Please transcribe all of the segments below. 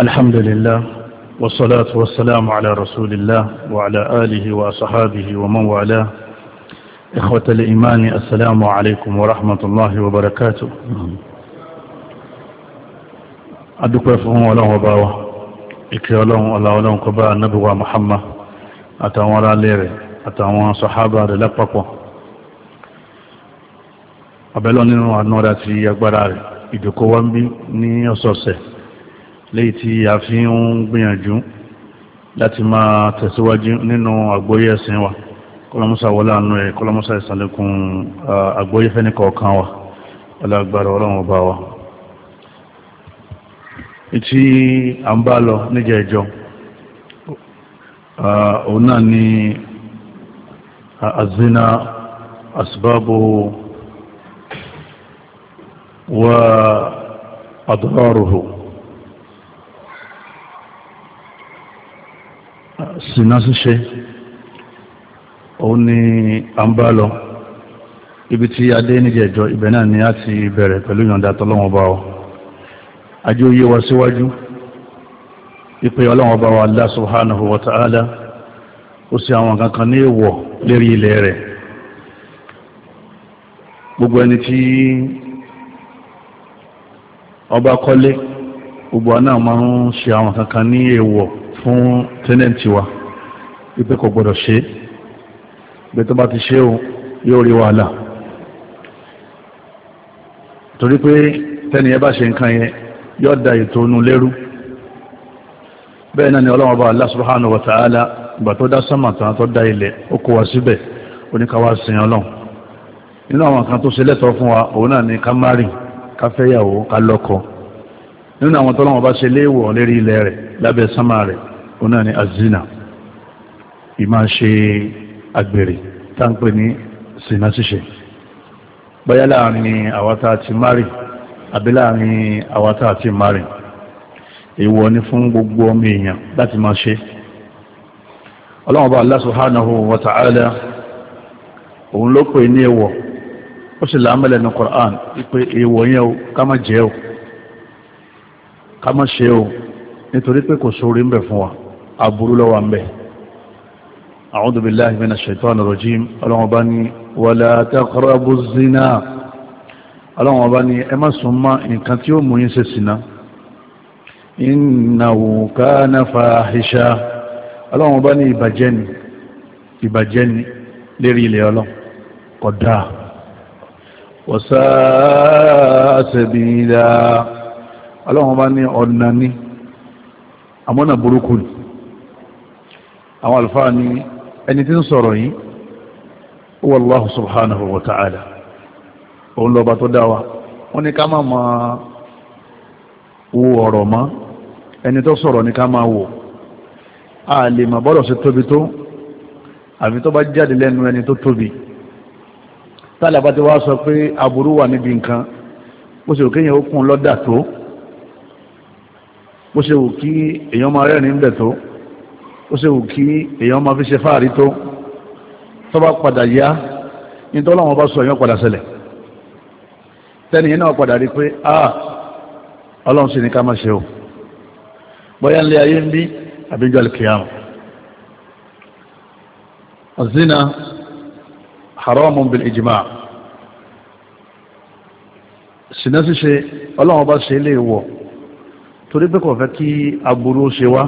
الحمد لله والصلاة والسلام على رسول الله وعلى آله وأصحابه ومن والاه إخوة الإيمان السلام عليكم ورحمة الله وبركاته أدوكوا فهم ولهم وباوة إكي ولهم ولا ولهم قباء النبوة محمد أتوارى ليري أتوارى صحابة للأقوى أبلون أنه أدنورة في أكبر عارف ìdòkó ń bí ní ọ̀sọ̀ọ̀sẹ̀ léyìí tí a fi ń gbìyànjú láti máa tẹ̀síwájú nínú àgbóyé ẹ̀sìn wa kọlọmọsá wọlé àánú ẹ̀ kọlọmọsá ìsànlẹ̀kùn àgbóyé fẹ́ni kọ̀ọ̀kan wa alágbára ọlọ́run ọba wa tí a ń bá lọ níjẹ̀ ìjọ òun náà ni azina asbabu wa adọ́rùhù sinna ṣíṣe òun ni a ń bá lọ ibi tí adé níjẹ̀jọ ibẹ̀ náà ni a ti bẹ̀rẹ̀ pẹ̀lú ìyọ̀ǹda tọ́lọ́wọ́n bá ọ ajé oyé wa síwájú ipe ọlọ́wọ́n bá wa Allah subhanahu wa ta'ala ó sì àwọn kankan ní èèwọ̀ lérí ilẹ̀ rẹ̀ gbogbo ẹni tí ọba kọ́lé gbogbo àná máa ń ṣe àwọn kankan ní èèwọ̀ fún tẹ́nẹ̀ntì wa wípé kò gbọ́dọ̀ ṣe bí tó bá ti ṣe o yóò rí wàhálà torí pé tẹ́ni ẹ bá ṣe nǹkan yẹn yóò da ètò onú lérú bẹ́ẹ̀ náà ni ọlọ́wọ́ bá Allah subhanahu wa ta'ala ìgbà tó dá sánmà tán tó dá ilẹ̀ ó kó wa síbẹ̀ oníkàwá sin ọlọ́run nínú àwọn nǹkan tó ṣe lẹ́tọ̀ọ́ fún wa òun náà ni ká márì ká fẹ́yàwó ká lọ́kọ nínú àwọn tọ́lọ́wọ́ bá ṣe léèwọ̀ lérí ilẹ̀ rẹ̀ lábẹ́ sánmà rẹ̀ ọ̀nà ni azina ìmá ṣe agbèrè táǹpẹ̀ ní sinna ṣíṣe báyá láàrin àwátá àti mari àbí láàrin àwátá àti mari èèwọ̀ ni fún gbogbo ọmọ èèyàn láti máa ṣe ọlọ́wọ́n bá Allah subhanahu wa ta'ala òun ló pè ní èèwọ̀ ó sì láàmẹ́lẹ̀ ní Qur'an wípé èèwọ̀ yẹn o ká má jẹ́ o ká má ṣe o nítorí pé kò sórí ń bẹ fún wa aburú lọ́wọ́ ń bẹ̀ a'udhu billahi minash shaitanir rajim ọlọ́wọ́n bá ní wala taqrabu zina ọlọ́wọ́n bá ní ẹ má sún mọ́ nǹkan tí ó mú yín ṣe sìnà innahu kana fahisha ọlọ́wọ́n bá ní ìbàjẹ́ ni ìbàjẹ́ ni lérí ilẹ̀ ọlọ́ kódà wọ́sá sẹ́bìlá ọlọ́wọ́n bá ní ọ̀nà ní àmọ́nà burúkú ni àwọn àlùfáà ni ẹni tí ń sọ̀rọ̀ yìí wallahu subhanahu wa ta'ala òun lọ́ba tó dá wa wọ́n ní ká máa máa wo ọ̀rọ̀ mọ́ ẹni tó sọ̀rọ̀ ní ká máa wò a lè mà bọ́rọ̀ sí tóbi tó àfi tó bá jáde lẹ́nu ẹni tó tóbi tálàbá ti wá sọ pé aburú wà níbi nǹkan bó ṣe òkè yẹn ó kún lọ́dà tó bó ṣe òkè èèyàn máa rẹ́rìn-ín bẹ̀ tó ó ṣe wù kí èèyàn máa fi ṣe fáàrí tó tó bá padà yá nítorí àwọn bá sọ èèyàn padà ṣẹlẹ̀ tẹ́ni yẹn náà padà rí pé ah ọlọ́run sì ní ká máa ṣe o bóyá ń lé ayé ń bí àbíjọ́ alìkìyàmù azina haramun bil ijma sinasi ṣe ọlọ́run bá ṣe ilé ìwọ̀ torí pé kò fẹ́ kí aburú ṣe wá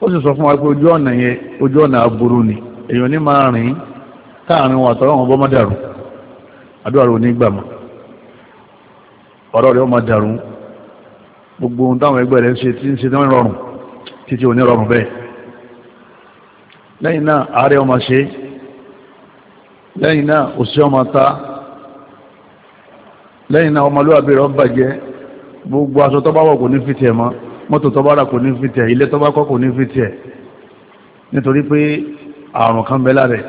ó sì sọ fún wa pé ojú ọ̀nà yẹn ojú ọ̀nà aburú ni èèyàn ní máa rìn káàrin wọn àtọ́rọ̀ wọn bọ́ má dàrú onigba ma ní gbàmọ́ ọ̀rọ̀ gbogbo ohun táwọn ẹgbẹ́ rẹ̀ ń ṣe tí ń ṣe tán rọrùn títí òní rọrùn bẹ́ẹ̀ lẹ́yìn náà ààrẹ ọmọ ṣe lẹ́yìn náà òṣì ọmọ ta lẹ́yìn náà ọmọlúwàbí rẹ̀ bàjẹ́ gbogbo aṣọ tó bá wọ̀ kò mọ́tò tó bá rà kò ní fi tẹ̀ ilé tó bá kọ́ kò ní fi tẹ̀ nítorí pé àrùn kan bẹ́ lára ẹ̀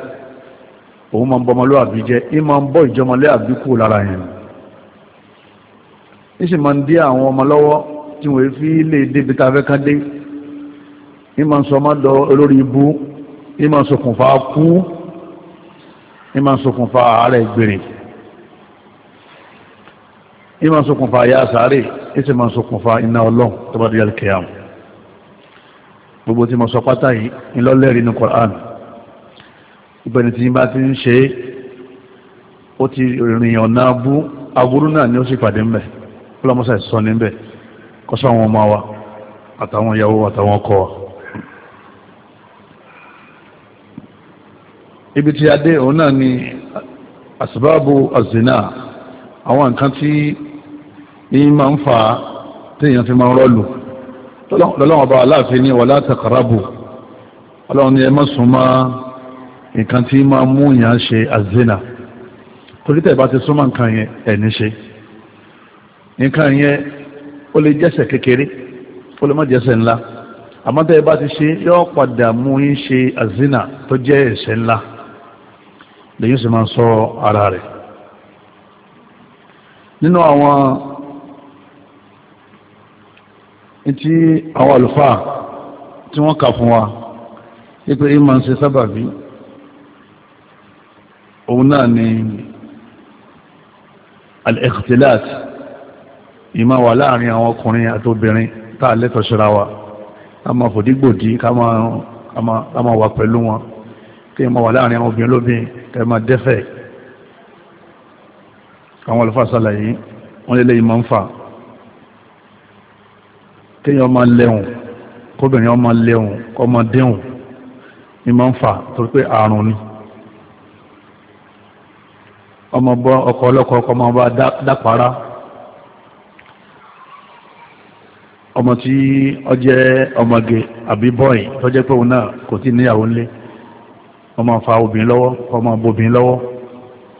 òun máa ń bọmọlú àbí jẹ́ í máa ń bọ́ ìjọmọlé àbí kú lára yẹn ní sì máa ń dí àwọn ọmọ lọ́wọ́ tí wọ́n fi lè débi tá a fẹ́ dé í máa ń sọ ọmọ dọ olórí ibú í máa ń ṣokùnfà kú í máa ń ṣokùnfà àárẹ̀ gbèrè ní ma ṣokùnfà ayá sáré ní sì ma ṣokùnfà iná ọlọ́n tó bá dìyàlì kẹyàm gbogbo tí ma sọ pátá yìí ńlọ́lẹ́rìí ní Qur'an ìbẹ̀ni tí bá ti ń ṣe ó ti rìn ọ̀nà abú aburú náà ni ó sì pàdé ńbẹ̀ ọlọ́mọsà sọ níbẹ̀ kọ́sọ́ àwọn ọmọ wa àtàwọn ìyàwó àtàwọn ọkọ wa ibi tí a dé òun náà ni asbabu azina àwọn nǹkan tí ní máa ń fa téèyàn fi máa rọ́ọ̀lù lọ́lọ́wọ́n aláàfin ní wala taqrabu ọlọ́run ni ẹ má súnmọ́ nǹkan tí máa mú yàn ṣe àzínà torí tẹ̀ bá ti súnmọ́ nǹkan yẹn ẹ̀ní ṣe nǹkan yẹn ó lè jẹ́sẹ̀ kékeré ó lè má jẹ́sẹ̀ ńlá àmọ́ tẹ́ bá ti ṣe yọ́ padà mú yín ṣe àzínà tó jẹ́ ẹ̀ṣẹ̀ ńlá lèyìn sì máa sọ ara rẹ̀ nínú àwọn tí àwọn àlùfáà tí wọ́n kà fún wa wípé ìmọ̀ ń ṣe sábàbí òun náà ni al-ikhtilat ìmọ̀ wà láàrin àwọn ọkùnrin àti obìnrin tá a lẹ́tọ̀ ṣera wa ká máa fòdígbòdì ká máa wà pẹ̀lú wọn kí ìmọ̀ wà láàrin àwọn obìnrin lóbìn kẹ́ máa dẹ́fẹ̀ àwọn àlùfáà sàlàyé wọ́n lè lè ìmọ̀ ń fà kéèyàn máa lẹ́hùn kóbìnrin ọmọ lẹ́hùn kọ́mọ ni máa ń fà torí pé àrùn ni ọmọ bọ ọkọ ọkọ ọmọ bá dápara ọmọ tí ọ jẹ ọmọge àbí tó pé òun náà kò tí níyàwó ọmọ fa obìnrin lọ́wọ́ ọmọ bobìnrin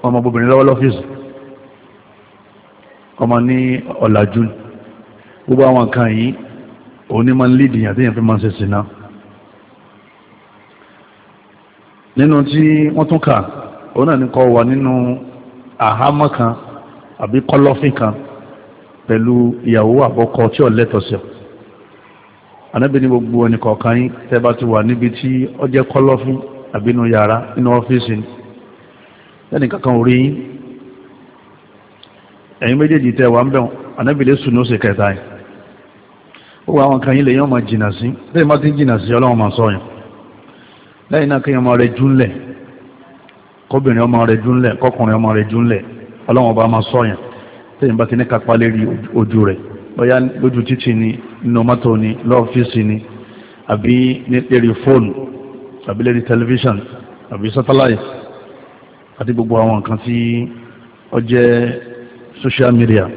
ọmọ bobìnrin ọmọ ní gbogbo àwọn nǹkan yìí òní máa ń lídìí yàn téèyàn fi máa ń ṣe sínà nínú tí wọ́n tún kà òun náà ní kọ́ wà nínú àhámọ́ kan àbí kọ́lọ́fín kan pẹ̀lú ìyàwó àbọ́kọ tí ò gbogbo ẹnì kọ̀ọ̀kan yín tẹ́ bá ti wà níbi tí ó jẹ́ kọ́lọ́fín àbí inú yàrá inú ọ́fíìsì ni ẹnì kankan ò rí gbogbo àwọn kan yìí lè yàn máa jìnà sí lẹ́yìn bá ti ń jìnà sí ọlọ́run máa sọyàn lẹ́yìn náà kéèyàn máa rẹ júnlẹ̀ kóbìnrin ọmọ rẹ júnlẹ̀ kọkùnrin ọmọ rẹ júnlẹ̀ ọlọ́run ọba máa sọyàn lẹ́yìn bá ti ní kápá lérí ojú rẹ̀ bóyá lójú títì ni inú mọ́tò ni lọ́ọ́fíìsì ni àbí lérí fóònù àbí lérí tẹlifíṣàn àbí sátáláì àti gbogbo àwọn nǹkan tí ó jẹ́ social media.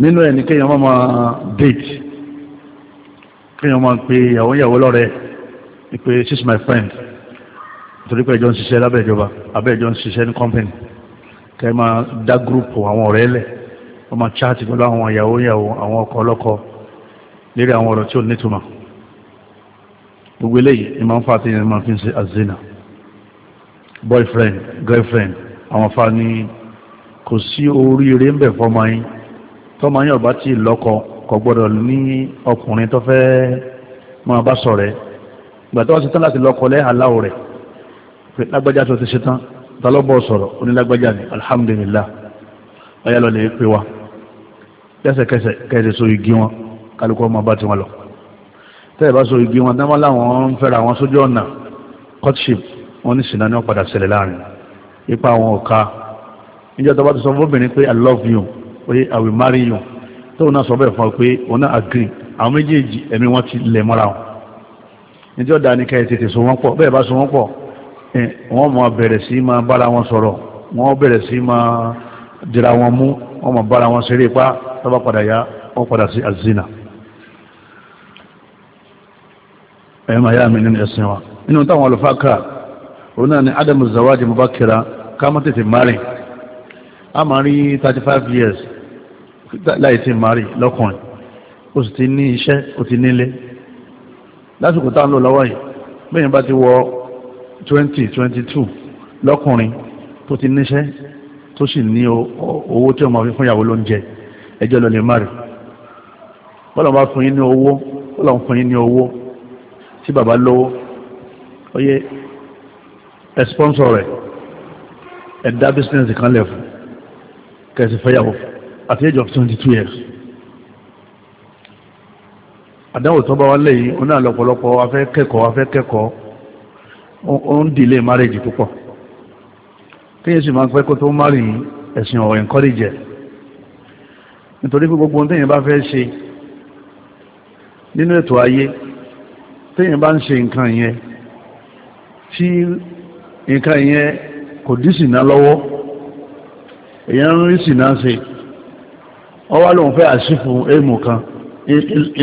nínú ẹ̀ ní kéèyàn máa date kéèyàn máa pe ìyàwó ìyàwó lọ́rẹ́ pé she's my friend torí pé ẹjọ́ ń ṣiṣẹ́ lábẹ́ ìjọba abẹ́ ń ṣiṣẹ́ ní company kẹ́ máa dá group àwọn ọ̀rẹ́ lẹ̀ wọ́n máa chat pẹ̀lú àwọn ìyàwó ìyàwó àwọn ọkọ ọlọ́kọ lérí àwọn ọ̀rọ̀ tí ò nítumọ̀ gbogbo eléyìí ni máa ń fa àtẹ̀yìn máa fi ń ṣe azina boyfriend girlfriend àwọn fa ni kò sí oríire ń bẹ̀ fọ́mọ yín tọ́mọ yín ọba tí lọ́kọ kò gbọ́dọ̀ ní ọkùnrin tó fẹ́ máa bá sọ̀rẹ́ ìgbà tó wá ṣetán láti lọ́kọ lẹ́ aláwọ̀ rẹ̀ pé lágbájá tó ti ṣetán tọ́lọ́bọ̀ sọ̀rọ̀ onílágbájá ni alhamdulillah ọyá lọ lè pè wá lẹ́sẹ̀kẹsẹ̀ kẹsẹ̀ so igi wọn kálukú ọmọ bá ti wọn lọ tẹ́ẹ̀ bá so igi wọn dámọ́ láwọn ń fẹ́ra àwọn sójú ọ̀nà courtship wọn ní sinani wọn padà ṣẹlẹ̀ láàrin ipa àwọn ọ̀ka níjọ́ tó bá ti sọ fún obìnrin pé i love you pé I will marry you tóun náà sọ bẹ́ẹ̀ fún ọ pé òun náà agree àwọn méjèèjì ẹ̀mí wọn ti lẹ̀ mọ́ra wọn níjọ́ da ni ká ẹ̀ tètè so wọ́n pọ̀ bẹ́ẹ̀ bá so wọ́n pọ̀ wọ́n máa bẹ̀rẹ̀ sí máa bára wọn sọ̀rọ̀ wọ́n bẹ̀rẹ̀ sí máa dira wọn mú wọ́n máa bára wọn ṣeré pa tọ́ba padà ya wọ́n padà sí azina ẹ̀yẹ́ máa yá mi nínú ẹ̀sìn wa nínú táwọn olùfà ká òun náà ni Adam zawaji mubakira ká má tètè márìn a máa rí thirty five years láì tí mari lọ́kùnrin ó sì ti ní iṣẹ́ ó ti nílé lásìkò tá ń lò lọ́wọ́ yìí bẹ́yìn bá ti wọ 2022 lọ́kùnrin tó ti níṣẹ́ tó sì ní owó tí ó máa fi fún ìyàwó lóúnjẹ ẹjọ́ lọ lè mari bọ́lá bá fún yín ní owó bọ́lá fún yín ní owó tí bàbá lówó ó yẹ ẹ sponsor rẹ̀ ẹ dá business kan lẹ̀ fún kẹsì fẹ́yàwó fún at the age of 22 years àdáwò tó bá wá lẹ́yìn ó náà lọ́pọ̀lọpọ̀ afẹ́ kẹ́kọ̀ọ́ afẹ́ kẹ́kọ̀ọ́ ó ń dìlé márèjì púpọ̀ kíyàn sì máa pẹ́ kó tó márì ẹ̀sìn ọ̀rọ̀ encourage nítorí pé gbogbo tẹ́yìn bá fẹ́ ṣe nínú ètò ayé tẹ́yìn bá ń ṣe nǹkan yẹn tí nǹkan yẹn kò dí sìnà lọ́wọ́ èèyàn ń rí sìnà ṣe wọ́n wá lóun fẹ́ àṣífù èèmù kan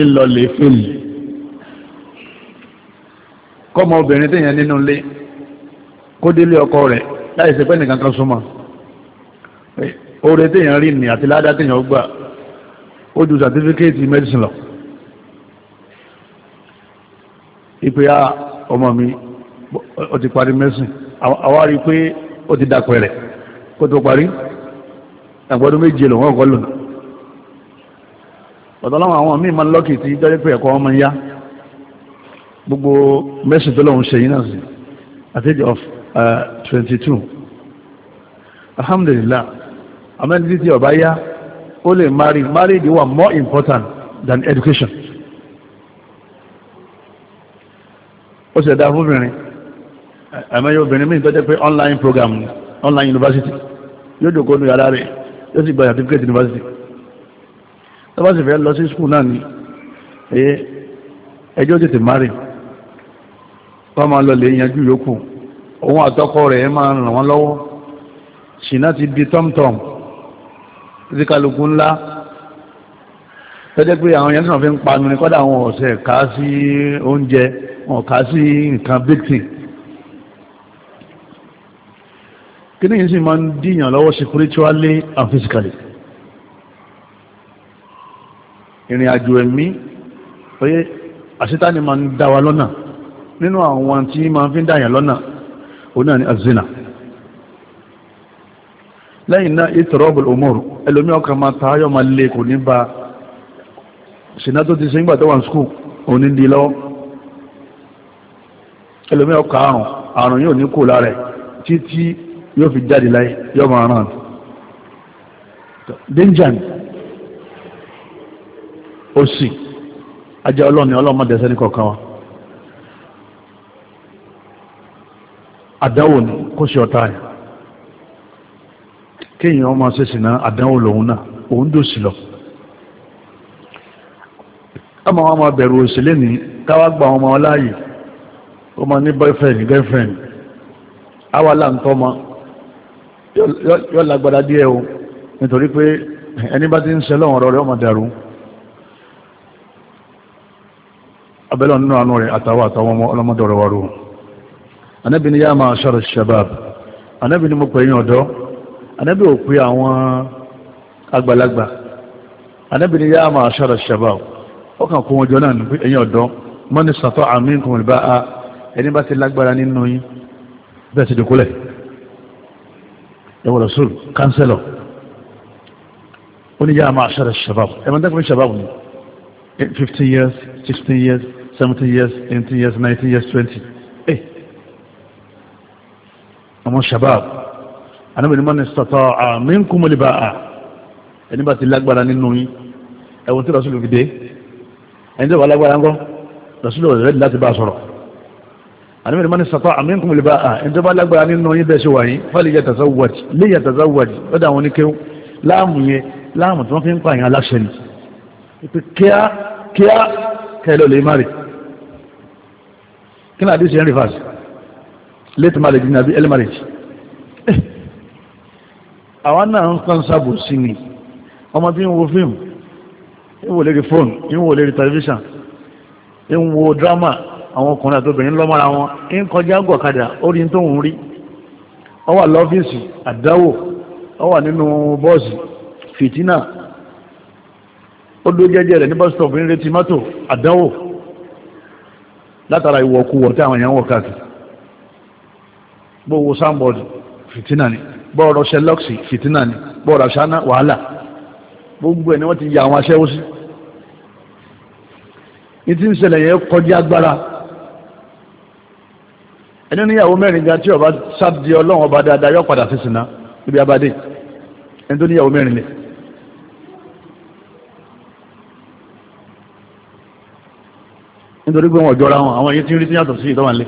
ìlọlẹ̀ fèlì kọ́mọ obìnrin téèyàn nínú ilé kó délé ọkọ rẹ̀ láì ṣe pé nìkan kan súnmọ́ oore téèyàn rí ni àti ládá téèyàn gbà ó ju sàtífíkéètì mẹ́dísìn lọ ìpè á ọmọ mi ó ti parí mẹ́sìn àwa rí i pé ó ti dàpẹ̀rẹ̀ kó tó parí àgbọ̀dún méje lòun ọ̀kọ́ lòun ọ̀dọ́láwọn àwọn míì máa ń lọ́kì tí jọ́jẹ́ pé ẹ̀kọ́ ọmọ ya gbogbo mẹ́sì tó lọ́hun ṣe yín náà sí at age of uh, twenty two alhamdulillah amẹ́ndí tí ọba ya ó lè marry marriage wà more important than education ó sì ẹ̀dá fúnbìnrin àmẹ́yẹ obìnrin míì tọ́jẹ́ pé online program online university yóò dòkó ní yàrá rẹ̀ yóò sì gba certificate university tọ́bá sì fẹ́ lọ sí skul náà ni ẹjọ́ tètè márì wọ́n máa lọ lè yanjú yòókù òun àtọ́kọ rẹ̀ máa ràn wọ́n lọ́wọ́ ṣìnà ti di tọ́mtọ́m ti kálukú ńlá tọ́jẹ́ pé àwọn yẹn sàn fi ń panu ni kọ́dà àwọn ọ̀sẹ̀ ká sí oúnjẹ wọn ká sí nǹkan victim kí ni yìí sì máa ń díyàn lọ́wọ́ spiritually and physically ìrìn àjò ẹ̀mí oyé àṣítàní ma ń dá wa lọ́nà nínú àwọn tí ma fi ń dáyàn lọ́nà òun náà ni azina lẹ́yìn náà ìtọ̀rọ̀bùl omor ẹlòmí ọkà ma ta ayọ́ ma lè kò ní ba ṣìnà tó ti ṣe ń gbà tó wà ní skul òun ní di lọ́wọ́ ẹlòmí ọkà àrùn àrùn yóò ní kò lára ẹ̀ títí yóò fi jáde láyé yóò máa ràn dẹ́njà ni òsì ajẹ́ ọlọ́ni ọlọ́mọdé sẹ́ni kọ̀ọ̀kan wa ni kó ṣe ọ̀tá yẹn kéèyàn ọmọ ṣèṣì náà àdánwò lòun náà òun dòsì lọ ọmọ wọn máa bẹ̀rù òsì lẹ́ni káwá gba ọmọ wọn láàyè ó máa ní boyfriend girlfriend àwa ma yọ lágbára díẹ̀ o nítorí pé ẹni bá ti ń ọ̀rọ̀ abẹ́lẹ̀ nínú àánú rẹ̀ àtàwọn àtàwọn ọmọ ọlọ́mọdọ̀rọ̀ wa rò anábì ni yá máa ṣọ́rọ̀ shabab anábì ni mo pè yín ọ̀dọ́ anábì ò pé àwọn àgbàlagbà anábì ni yá máa ṣọ́rọ̀ shabab ó kàn kó wọn jọ náà nípa ẹ̀yìn ọ̀dọ́ mọ́ni sàtọ́ àmín kò ní bá a ẹni bá ti lágbára nínú yín bẹ́ẹ̀ ti dùkúlẹ̀ ẹwọ́n rasul kánsẹ́lọ̀ ó ní yá máa ṣọ́rọ̀ shabab ẹ̀ 15 years 16 years seventeen years eighteen years nineteen years twenty ẹ eh. àwọn shabab anábìyẹn ní mọ́ni sọ̀tọ̀ àmì ń kú mọ́lẹ̀ bá a ẹni bá ti lágbára nínú yín ẹ̀wọ̀n tí rasulu fi dé ẹni tí wàá lágbára ńkọ́ rasulu rẹ̀ láti bá a sọ̀rọ̀ anábìyẹn ní mọ́ni sọ̀tọ̀ àmì ń kú mọ́lẹ̀ bá a ẹni tí wàá lágbára nínú yín bẹ́ẹ̀ ṣe wà yín fàlẹ̀ yẹ tazawwaj lè yẹ tazawwaj lọ́dọ̀ àwọn oníkéwù láàmù yẹn láàmù tí wọ́n fi ń pààyàn aláṣẹ ni kíá kíá kẹlẹ́ ò lè kí náà àdísì henry fast late marriage ní àbí early marriage eh. àwọn náà ń kàn sábò sí ni ọmọ tí ń wo fíìmù ń wò lérí fóònù ń wò lérí tẹlifíṣàn ń wo dírámà àwọn ọkùnrin àti obìnrin lọ́mọ́ra wọn ń kọjá gọ̀kadà orí tó ń rí ó wà lọ́fíìsì àdáwò ó wà nínú bọ́ọ̀sì fìtínà ó dó jẹ́jẹ́ rẹ̀ ní bọ́ọ̀sì tó ń retí mọ́tò àdáwò látara ìwọ̀kú wọ̀ tí àwọn èèyàn wọ̀ káàkiri bọ́wọ́ sambod fìtínà ni bọ́ọ̀rọ̀ sẹlọ́ọ̀sì fìtínà ni bọ́ọ̀rọ̀ àṣánà wàhálà gbogbo ẹ̀ ni wọ́n ti ya àwọn aṣẹ́wó sí ní tí ń ṣẹlẹ̀ yẹn kọjá agbára ẹni níyàwó mẹ́rin ga tí ọba sábdi ọlọ́run ọba dáadáa yọ padà sí sinna níbi abadé ẹni tó níyàwó mẹ́rin lẹ̀ nítorí pé wọ́n jọra wọn àwọn èyí tí ń rí tí yàtọ̀ sí ìtọ́wọ̀nlé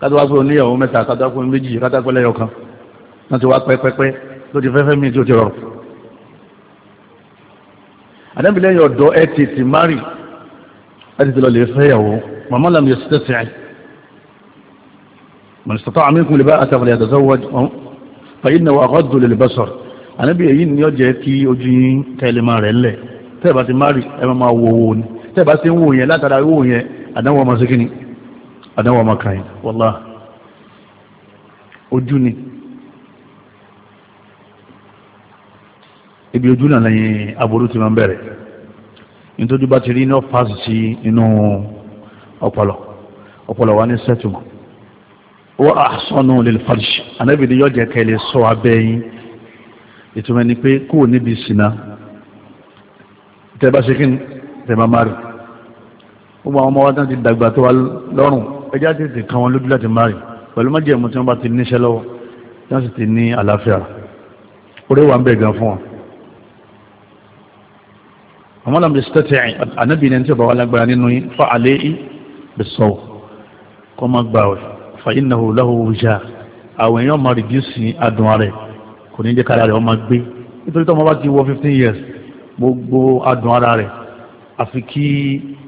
kátó wá pé oníyàwó mẹ́ta kátó pé méjì kátó pé lẹ́yọ̀ kan wọ́n ti wá pẹ́pẹ́pẹ́ ló ti fẹ́fẹ́ mi tí ó ti rọrùn. àdẹ́bìlẹ́yìn ọ̀dọ́ ẹ ti ti mari ẹ ti ti lọ lè fẹ́yàwó màmá làmì yẹ sítẹ́sì ẹ̀ mọ̀n sọ́tọ́ àmínkù lè bá àtàkùnlẹ̀ àtàkùn wọ́n fàyín náà wà tẹ́bà sí ń wò yẹn látara wò yẹn àdánwò ọmọ sí kíni àdánwò ọmọ kan yìí wọ́lá ojú ni ibi ojú náà lẹ́yìn aburú ti máa ń bẹ̀rẹ̀ nítorí bá ti rí iná fásitì sí inú ọpọlọ ọpọlọ wa ní sẹ́tùmọ̀ ó àsọnù lè fàlìṣì anábìdí yóò jẹ́ sọ abẹ́ yín ìtumọ̀ ni pé kúrò níbi ìsìnà tẹ́ bá kí ni tẹ̀má mari gbogbo àwọn ọmọ wa tán ti dàgbà tó wa lọ́rùn ẹjá ti ti kan wọn lójú láti mari pẹ̀lú májèmú tí wọ́n bá ti níṣẹ́ lọ́wọ́ tí wọ́n sì ti ní àlàáfíà orí wa ń bẹ̀ gan fún wọn àwọn làmì sítẹ́tì ànábì ní ẹni tí ó bá wà lágbára nínú yín fa àlẹ́ yìí bẹ̀ sọ̀wọ́ kọ́ máa gbà wẹ̀ fa innahu lahu wùjá àwọn èèyàn máa rìdíùsì adùn rẹ̀ kò ní jẹ́ kára rẹ̀ wọ́n máa gbé nítorí tó ọmọ bá ti wọ fifteen years gbogbo adùn ara rẹ̀ àfi kí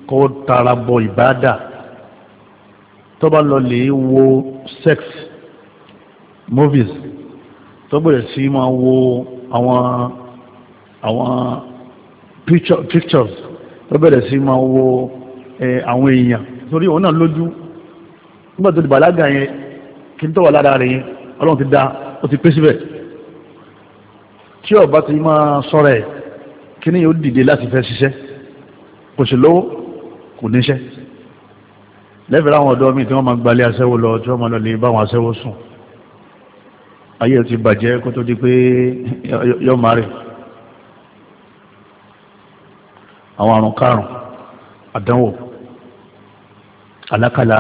kó tara bọ ìbáàdà tó bá lọ lè wo sex movies tó bẹ̀rẹ̀ sí máa wo àwọn àwọn picture, pictures tó bẹ̀rẹ̀ sí máa wo àwọn èèyàn torí òun náà lójú nígbà tó di bàlágà yẹn kí n tọ́wà lára rẹ̀ yẹn ọlọ́run ti dá ó ti pé síbẹ̀ tí ọba ti máa sọ́ra ẹ̀ kí ni yóò dìde láti fẹ́ ṣiṣẹ́ kò sì lówó kò níṣẹ́ lẹ́fẹ̀ẹ́ àwọn ọ̀dọ́ mi tí wọ́n máa gbalẹ̀ aṣẹ́wó lọ tí wọ́n máa lọ lè bá àwọn aṣẹ́wó sùn ayé ti bàjẹ́ kó tó di pé yọ máa rẹ̀ àwọn àrùn karùn àdánwò alákàlà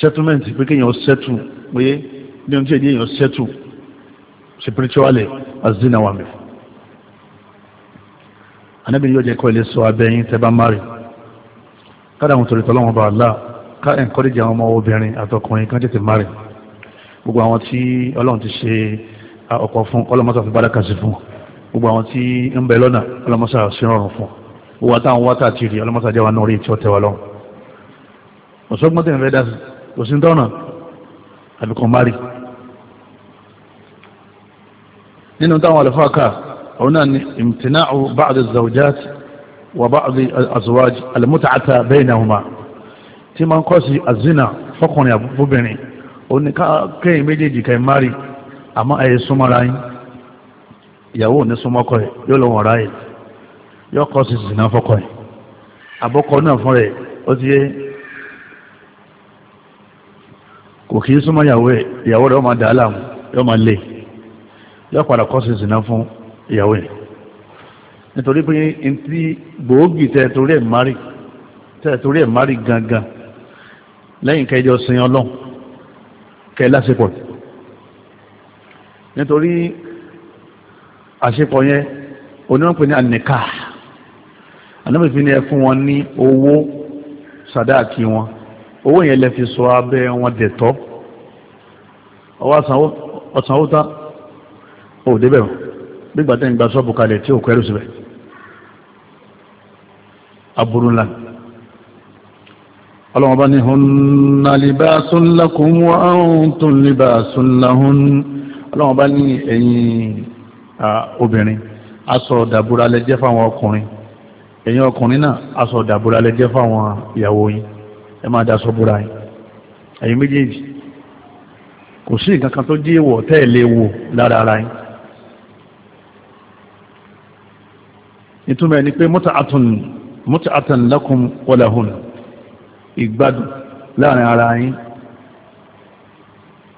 settlement pé kéèyàn settle pé ní ohun tí èyí èèyàn settle spiritually as dinawa mẹ́fà anábì yóò jẹ́ kọ́ ilé sọ abẹ́yìn tẹ́ bá márì káàdà àwọn torí tọ́lọ́wọ́n bá Allah ká ẹ̀ńkọ́rẹ́jì àwọn ọmọ obìnrin àtọkùnrin kan tètè márì gbogbo àwọn tí ọlọ́run ti ṣe ọkọ̀ fún ọlọ́mọsà fi bálákà sí fún gbogbo àwọn tí ń bẹ lọ́nà ọlọ́mọsà sí rọrùn fún gbogbo àtàwọn wátà ti rí ọlọ́mọsà jẹ́ wa náà rí tí ó tẹ́ wa lọ́rùn ọ̀sọ́gbọ́n هنا امتناع بعض الزوجات وبعض الأزواج المتعة بينهما tí ma ń kọ́ sí azina fọ́kùnrin àbúbìnrin ó ní kéyìn méjèèjì kẹ́ mari àmọ́ ẹ̀yẹ súnmọ́ra yín ìyàwó ò ní súnmọ́kọ ẹ̀ yóò lọ wọ̀n ráyè yóò kọ́ sí zina fọ́kọ ẹ̀ fún ìyàwó yẹn nítorí pé n tí gbòógì tẹ ẹ̀ mari tẹ torí mari gangan lẹ́yìn kẹjọ sin ọlọ́run kẹ lásìkò nítorí àṣepọ̀ yẹn onímọ̀pẹ̀ ní àníkà ànábìfin ni ẹ fún wọn ní owó sàdáàkì wọn owó yẹn lẹ fi sọ abẹ́ wọn dẹ̀tọ́ ọwọ́ àsanwó ọ̀tàn ó tán ó débẹ̀ wọn gbígbà tẹ́ ń gba sọ́ọ̀bù kalẹ̀ tí ò kẹrù síbẹ̀ aburú ńlá ọlọ́wọ́n bá ní hunna libasun lakum wa antum libasun lahun ọlọ́wọ́n bá ní ẹ̀yin obìnrin aṣọ ìdàbúra lẹ́jẹ́ fáwọn ọkùnrin ẹ̀yin ọkùnrin náà aṣọ ìdàbúra lẹ́jẹ́ fáwọn ìyàwó yín ẹ máa daṣọ búra yín ẹ̀yin méjèèjì kò sí nǹkan tó dí ìwọ̀ lára ara yín ìtumọ̀ ẹni pé muta'atan lakum wa lahun ìgbádùn láàrin ara yín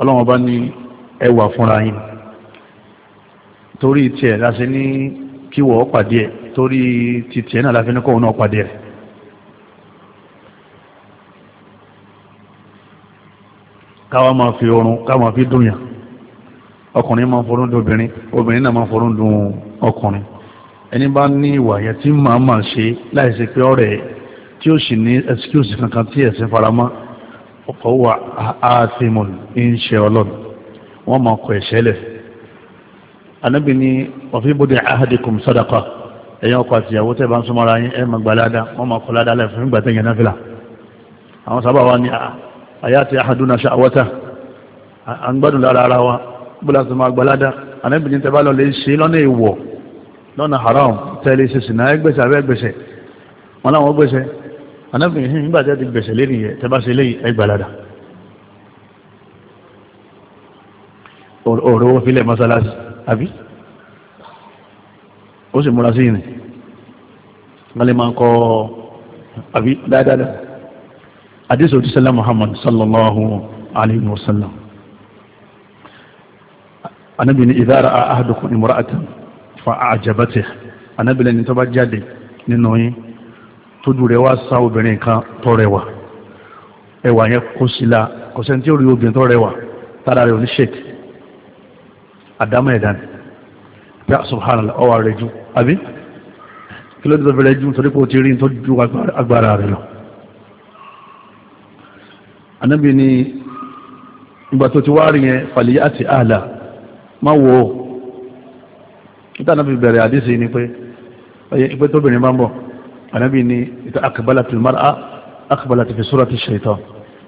ọlọ́wọ́n bá ní ẹwà fúnra yín torí tiẹ̀ láti ní kíwọ̀ pàdé ẹ̀ torí ti tiẹ̀ náà láti ní kọ́wọ́ náà pàdé ẹ̀ káwa máa fi oorun káwa máa fi dùn yàn ọkùnrin máa forún dùn obìnrin obìnrin náà máa forún dùn ọkùnrin ẹni bá ní ìwà yẹn tí màá máa ṣe láìsí pé ọ̀rẹ́ tí ó sì ní ẹsikúùsì kankan tí ẹ̀sìn faramọ́ ọkọ̀ wà áàtìmọ̀ ń ṣe ọlọ́run wọ́n máa kọ ẹ̀ṣẹ́ lẹ̀ anábì ní ọ̀fíbodè ahadikum sadaqa ẹ̀yìn ọkọ̀ àtìyàwó tẹ́ bá ń súnmọ́ra yín ẹ̀ máa gbà ládá wọ́n máa kọ ládá lẹ̀ fún ìgbà tẹ̀yìn náà àwọn sábà wa ní àyàtì ah, ahaduna ṣàwọ́tà à ń gbádùn lára ara wa bó lásìmọ̀ àgbàládá anábì ní tẹ́ bá lọ lè ṣe lọ́nà ìwọ̀ lọ́nà haram tẹ́lẹ̀ ṣiṣẹ́ náà ẹgbẹ̀sẹ̀ abẹ́ gbẹ̀sẹ̀ wọn láwọn gbẹ̀sẹ̀ anábìnrin yìí nígbà tẹ́ ti gbẹ̀sẹ̀ lé nìyẹn tẹ́ bá ṣe lé ẹgbàládà ọ̀rọ̀ owó filẹ̀ mọ́sálásí àbí ó sì múra sí ìrìn wọ́n lè máa kọ́ àbí dáadáa àdísò tí sẹ́lá Muhammad sallallahu alayhi wa sallam anábìnrin ìdára ahadukum imra'atan fa àjẹbẹ́tẹ̀ anábìlẹ̀ ní tó bá jáde nínú yín tójú rẹ̀ wá sá obìnrin kan tó rẹwà ẹwà yẹn kó sí la kò sẹ́ni tí ó rí obìnrin tó rẹwà tára rẹ̀ ò ní ṣèkì àdámọ̀ ẹ̀dá ni bí subhanallah ọwà rẹ̀ jù àbí kí ló dé tó fẹ́rẹ̀ jù torí pé ó ti rí tó ju agbára rẹ̀ lọ. anábì ni ìgbà tó ti wá rí yẹn fàlíyà àti àlà máa wò ó ìtànà fi bẹ̀rẹ̀ àdísì ni pé ipé tóbìnrin bá ń bọ̀ ànábì ni ìta akabala ti mara akabala ti fi sọ́ra ti ṣètọ́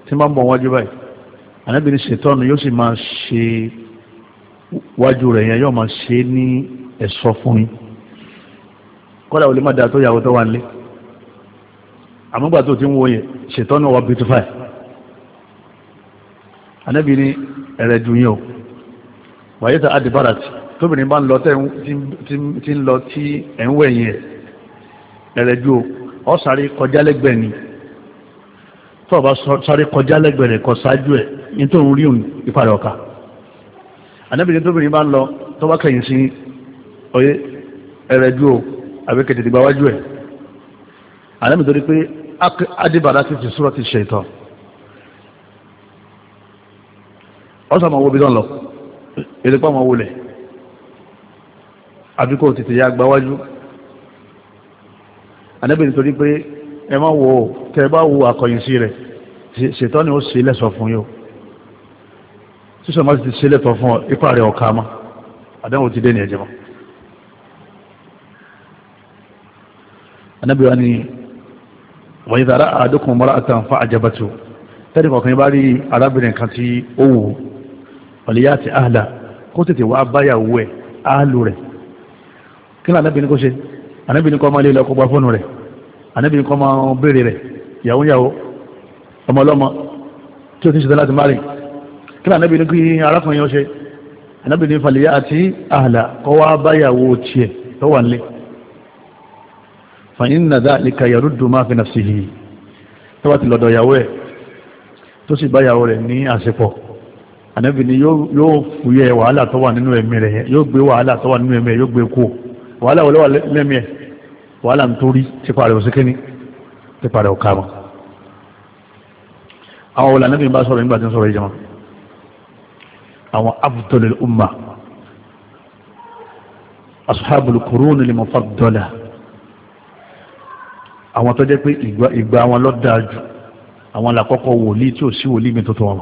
tí bá ń bọ̀ wájú báyìí ànábì ni ṣètọ́ ni yóò sì máa ṣe wájú rẹ̀ yẹn yóò máa ṣe ní ẹ̀ṣọ́ fún yín kọ́dà olè má da tó yàwó tó wà nílé àmúgbà tó ti ń wòye ṣètọ́ ni wà bìtúfà ànábì ni ẹ̀rẹ̀ dùn yín o wàyẹ́ta adìbára ti tóbìnrin bá ń lọ tí ń lọ tí ẹ̀ ń wẹ̀yìn ẹ̀ lẹ́lẹ́jú ọ sáré kọjá lẹ́gbẹ̀ẹ́ ni tó o bá sáré kọjá lẹ́gbẹ̀ẹ́ rẹ̀ kọ ṣáájú ẹ̀ ní tó ń rí òun ìparí ọ̀ka ànábìrin tóbìnrin bá ń lọ tó bá kẹ̀yìn sí oyé ẹ̀rẹ́jú o àbíkẹ̀ tètè gbáwájú ẹ̀ ànábìrin torí pé adébàdá ti ti súrọ̀ ti ṣe ìtàn ọ sọ ma wo bí tán lọ èdè pa ma wo lẹ̀ àbí kò tètè ya gbáwájú anábìrì torí pé ẹ má wo tẹ bá wo àkọyìnsí rẹ̀ ṣètọ́ ni ó ṣe lẹ́sọ̀ fún yóò sísọ máa ti ṣe lẹ́tọ̀ fún ọ ipá rẹ̀ ọ̀ka mọ́ àdánwò ti dé ní ẹ̀jẹ̀ mọ́ anábìrì wa ni wọ́n yí tààrà àdókùn mọ́ra àtàǹfà àjẹbàtò tẹ́lẹ̀ kọ̀ọ̀kan bá rí arábìnrin kan tí ó wù ọ̀lẹ́yà àti àhàlà kó tètè wá báyàwó ẹ̀ àhàlù rẹ̀ kí ni anábìnrin kó ṣe anábìnrin kọ́ máa lé lọ́kọ́ gba fóònù rẹ̀ anábìnrin kọ́ máa béèrè rẹ̀ ìyàwó ìyàwó ọmọ ọlọ́mọ tí ó ti ṣetán láti márìn kí ni anábìnrin kí arákùnrin yóò ṣe anábìnrin falẹ̀yà àti àhàlà kọ́ wá báyàwó tiẹ̀ tó wà nílé fàyín nàdá àlìkà yàrá dùn máa fi nà sí i tó bá ti lọ́dọ̀ ìyàwó ẹ̀ tó sì báyàwó rẹ̀ ní àṣepọ̀ anábìnrin yóò fúyẹ́ wàhálà tó wà nínú ẹ̀mí rẹ̀ yóò gbé wàhálà tó wà nínú ẹ̀mí rẹ̀ yóò gbé kú wàhálà olówà lẹ́mí ẹ̀ wàhálà ń torí ti parẹ̀ òsì kíní ti parẹ̀ òkà mọ́ àwọn olà níbi bá sọ̀rọ̀ nígbà tí ń sọ̀rọ̀ ìjọba àwọn abdulil umma ashabul kuruni limufaddala àwọn tó jẹ́ pé ìgbà àwọn lọ́dáàjù àwọn làkọ́kọ́ wòlíì tí ò sí wòlíì mi tuntun wọn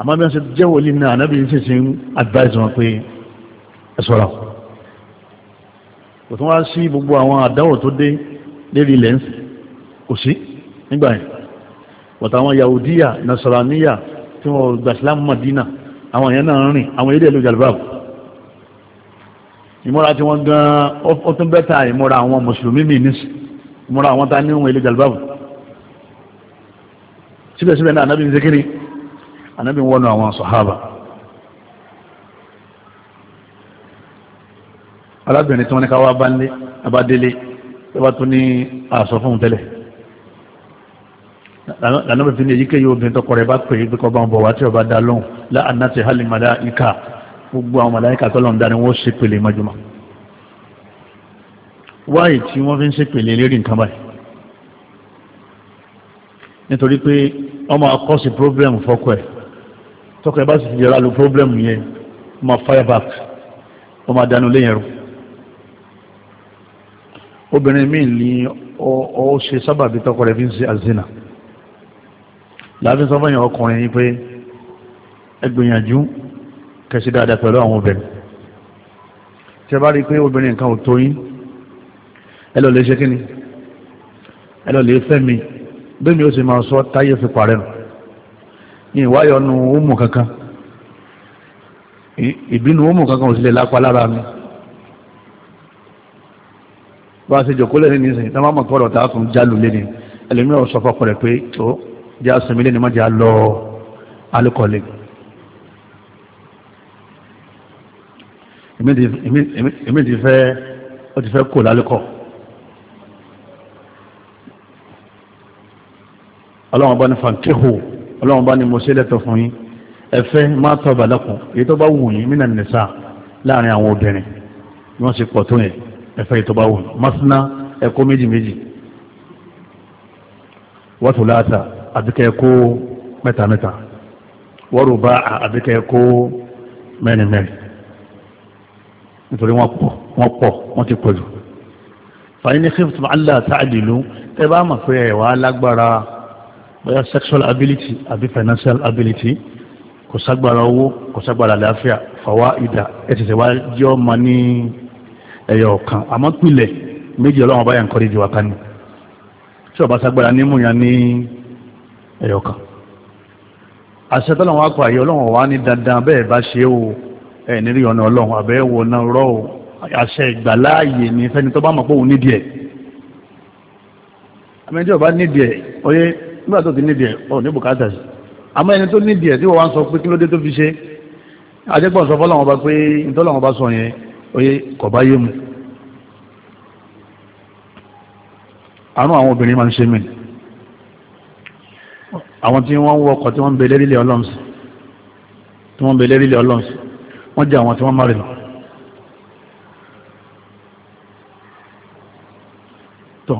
àmọ́ bí wọ́n ṣe jẹ́ wòlíì náà ànábìyí sì ti ń advise wọn pé ẹ sọ̀rọ̀ kò tún wá sí gbogbo àwọn àdáwò tó dé lérí ilẹ̀ ń kò sí nígbà yẹn bọ̀tà àwọn yahudiya nasaraniya tí wọ́n gbà sílámù madina àwọn èèyàn náà rìn àwọn èdè ìlú jalibab ìmúra tí wọ́n gan ó tún bẹ́tà ìmúra àwọn mùsùlùmí mi ní ìmúra àwọn tá ní ohun èlé jalibab síbẹ̀síbẹ̀ náà anábì ń zikiri anábì ń wọnú àwọn sọ̀hábà alábìnrin tí wọ́n ní ká wá bá nílé abádélé tó bá tún ní àṣọ fún un tẹ́lẹ̀ lànà bẹ̀rẹ̀ ní èyíkéyìí obìnrin tó kọrẹ̀ bá pè é pé kọ́ bá ń bọ̀ wá tí ọba dá lóhùn láàánà ti hali màláìka gbogbo àwọn màláìka tó lọ́n dání wọ́n ṣe pèlè mọ́júmọ́ wáyé tí wọ́n fi ń ṣe pèlè lérí nǹkan báyìí nítorí pé ọmọ akọ́sí problem fọ́kọ̀ ẹ̀ tọ́kọ̀ ẹ̀ bá sì fi jẹ́ra lu problem yẹn ọmọ fireback ọmọ adánulẹ́yìn rú obìnrin míì ní ọ ṣe sábàbí tọkọ rẹ̀ fi ń ṣe azina láàfin sọfọyìn ọkùnrin yìí pé ẹgbìyànjú kẹsí dáadáa pẹ̀lú àwọn obìnrin tí a bá rí pé obìnrin nǹkan ò tóyín ẹ lọ lè ṣe kíni ẹ lọ lè fẹ́ mi bẹ́ẹ̀ mi ó sì máa sọ táyé fi parẹ́ nù ní ìwáyọ̀ nu ó mú kankan ìbínú ó mú kankan ò sì lè lápá lára mi bá a ṣe jòkó lẹ́ni ní ìsìn táwọn mọ̀tò ọ̀rọ̀ tààtùn jálù lẹ́ni ẹlòmíràn sọ fọkọ rẹ̀ pé tó jẹ́ àṣẹmí lẹ́ni má jẹ́ à lọ alukọ̀lẹ̀. èmi ti fẹ́ ó ti fẹ́ kó lálùkọ̀. ọlọ́run bá ní fankéhò ọlọ́run bá ní mo ṣe lẹ́tọ̀ fún yín ẹ̀fẹ́ má tọ́ balẹ̀kùn èyí tó bá wù yín mí nà nìsa láàrin àwọn obìnrin ni wọ́n ṣe pọ̀ tó yẹn ẹ̀fẹ́ ìtọ́ba wò masina ẹ̀kọ́ méjì méjì wàtúláàtà àbíkẹ́ ẹ̀kọ́ mẹ́ta mẹ́ta wọ́rùbá àbíkẹ́ ẹ̀kọ́ mẹ́rin mẹ́rin nítorí wọ́n pọ̀ wọ́n pọ̀ wọ́n ti pọ̀ jù fàyín ní kífù tó allah ta'adilu bá mọ̀ pé ẹ̀ wá lágbára bóyá sexual ability àbí financial ability kò ságbára owó kò ságbára àlàáfíà fàwa ìdá ẹ̀ tẹ̀sẹ̀ wá jẹ́ ọmọ ní ẹ̀yọ̀ ọ̀kan àmọ́ pilẹ̀ méjì ọlọ́run ọba yẹn kọ́rí ju wa kánú tí ọba sagbára nímú yẹn ní ẹ̀yọ̀ ọ̀kan àṣẹ tọ́lọ́run wa kọ àyè ọlọ́run wa ní dandan bẹ́ẹ̀ bá ṣe o ẹ̀ nírí ọ̀nà ọlọ́run àbẹ́ wo náà rọ́ o àṣẹ ìgbàláàyè ní fẹ́ni tó bá mọ̀ pé òun nídìí ẹ̀ àmì tí ọba nídìí ẹ̀ oyé nígbà tó ti nídìí ẹ̀ ọ̀ ní bùkátà sí àmọ́ ẹni tó nídìí ẹ̀ tí wọ́n wá sọ pé kí tó fi ṣe àjẹgbọ́n sọ fọ́lọ́run ọba pé ìtọ́lọ́run ọba sọ yẹn oyè kò bá yé mu àánú àwọn obìnrin máa ń ṣe mí àwọn tí wọ́n ń wọkọ̀ tí wọ́n ń bẹ lérílẹ̀ ọlọ́mùsì tí wọ́n ń bẹ lérílẹ̀ ọlọ́mùsì wọ́n jẹ́ àwọn tí wọ́n má rìn lọ tọ́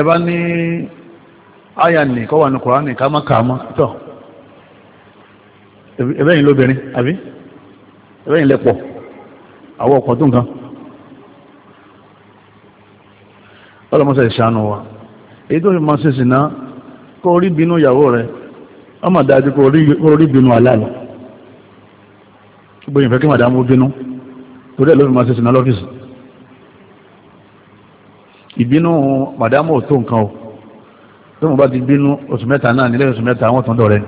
ẹbá ní àyà ní kọ́wà ní kọ̀ránì ká má kà mọ́ tọ́ ẹbẹ́yìn lóbìnrin àbí ẹbẹ́yìn lẹ́pọ̀ àwọn ọkọ̀ tó nǹkan ọlọ́mọsẹ̀ ìṣàánú wa èyí tó fi máa ṣe sì náà kó rí bínú ìyàwó rẹ̀ ọmọ dájú kó rí bínú aláàlọ́ gbogbo ìfẹ́ kí màdámú bínú torí ẹ̀ ló fi máa ṣe sì náà lọ́fíìsì ìbínú màdámù ò tó nǹkan o tó mo bá ti bínú oṣù mẹ́ta náà nílẹ̀ oṣù mẹ́ta àwọn tó dọ̀rẹ́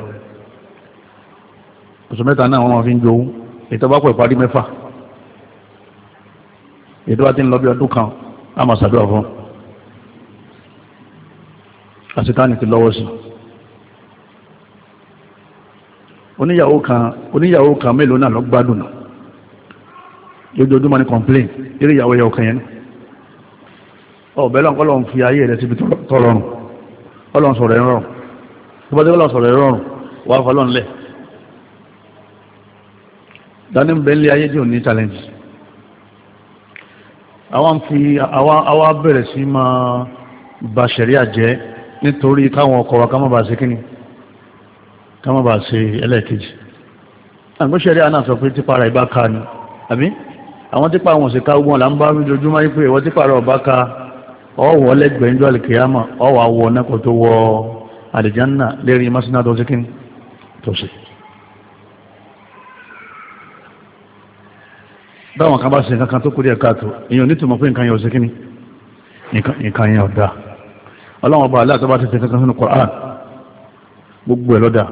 oṣù mẹ́ta náà wọ́n fi ń jowú ètò ìparí mẹ́fà ètò àti ńlọ bí ọdún kan a máa ṣàdúrà fún àṣetánì ti lọ́wọ́ sí oníyàwó kan oníyàwó kan mélòó náà lọ gbádùn náà lójoojúmọ́ ni complain eré ìyàwó ẹ̀yà ọ̀kan yẹn ọ̀bẹ̀ lọ́n kọ́ lọ́n fi ayé rẹ̀ síbi tọrọrùn ọlọ́n sọ̀rọ̀ ẹ̀rọrùn tó bá dé ọlọ́n sọ̀rọ̀ ẹ̀rọrùn wà á fọlọ́n lẹ̀ dání bẹ́ẹ̀ lé ayé tí ò ní challenge àwọn fi àwa bẹ̀rẹ̀ sí máa ba ṣẹ̀ríà jẹ́ nítorí káwọn ọkọ̀ wa kámọ́ bá ṣe kíni kámọ́ bá ṣe ẹlẹ́ẹ̀kejì àgbẹ̀ ṣẹ̀ríà sọ pé tipa rẹ̀ bá ka ni àbí àwọn tipa wọn sì ka wọn là ń bá lójoojúmọ́ yí pé ìwọ tipa rẹ̀ ọba ka ọwọ́ lẹ́gbẹ̀ẹ́ ń jọ àlìkèyàmọ̀ ọwọ́ àwọ̀ ọ̀nà tó wọ àlìjánà lérí masina tó ṣe kíni tó ṣe. báwọn kan bá ṣe nǹkan tó kúrò ẹ̀ka tó èèyàn nítumọ̀ pé nǹkan yẹn ò sí kíní nǹkan yẹn ò dáa ọlọ́wọ́n bá aláàtọ́ bá ti ṣe kankan sínú Qur'an gbogbo ẹ̀ lọ́dà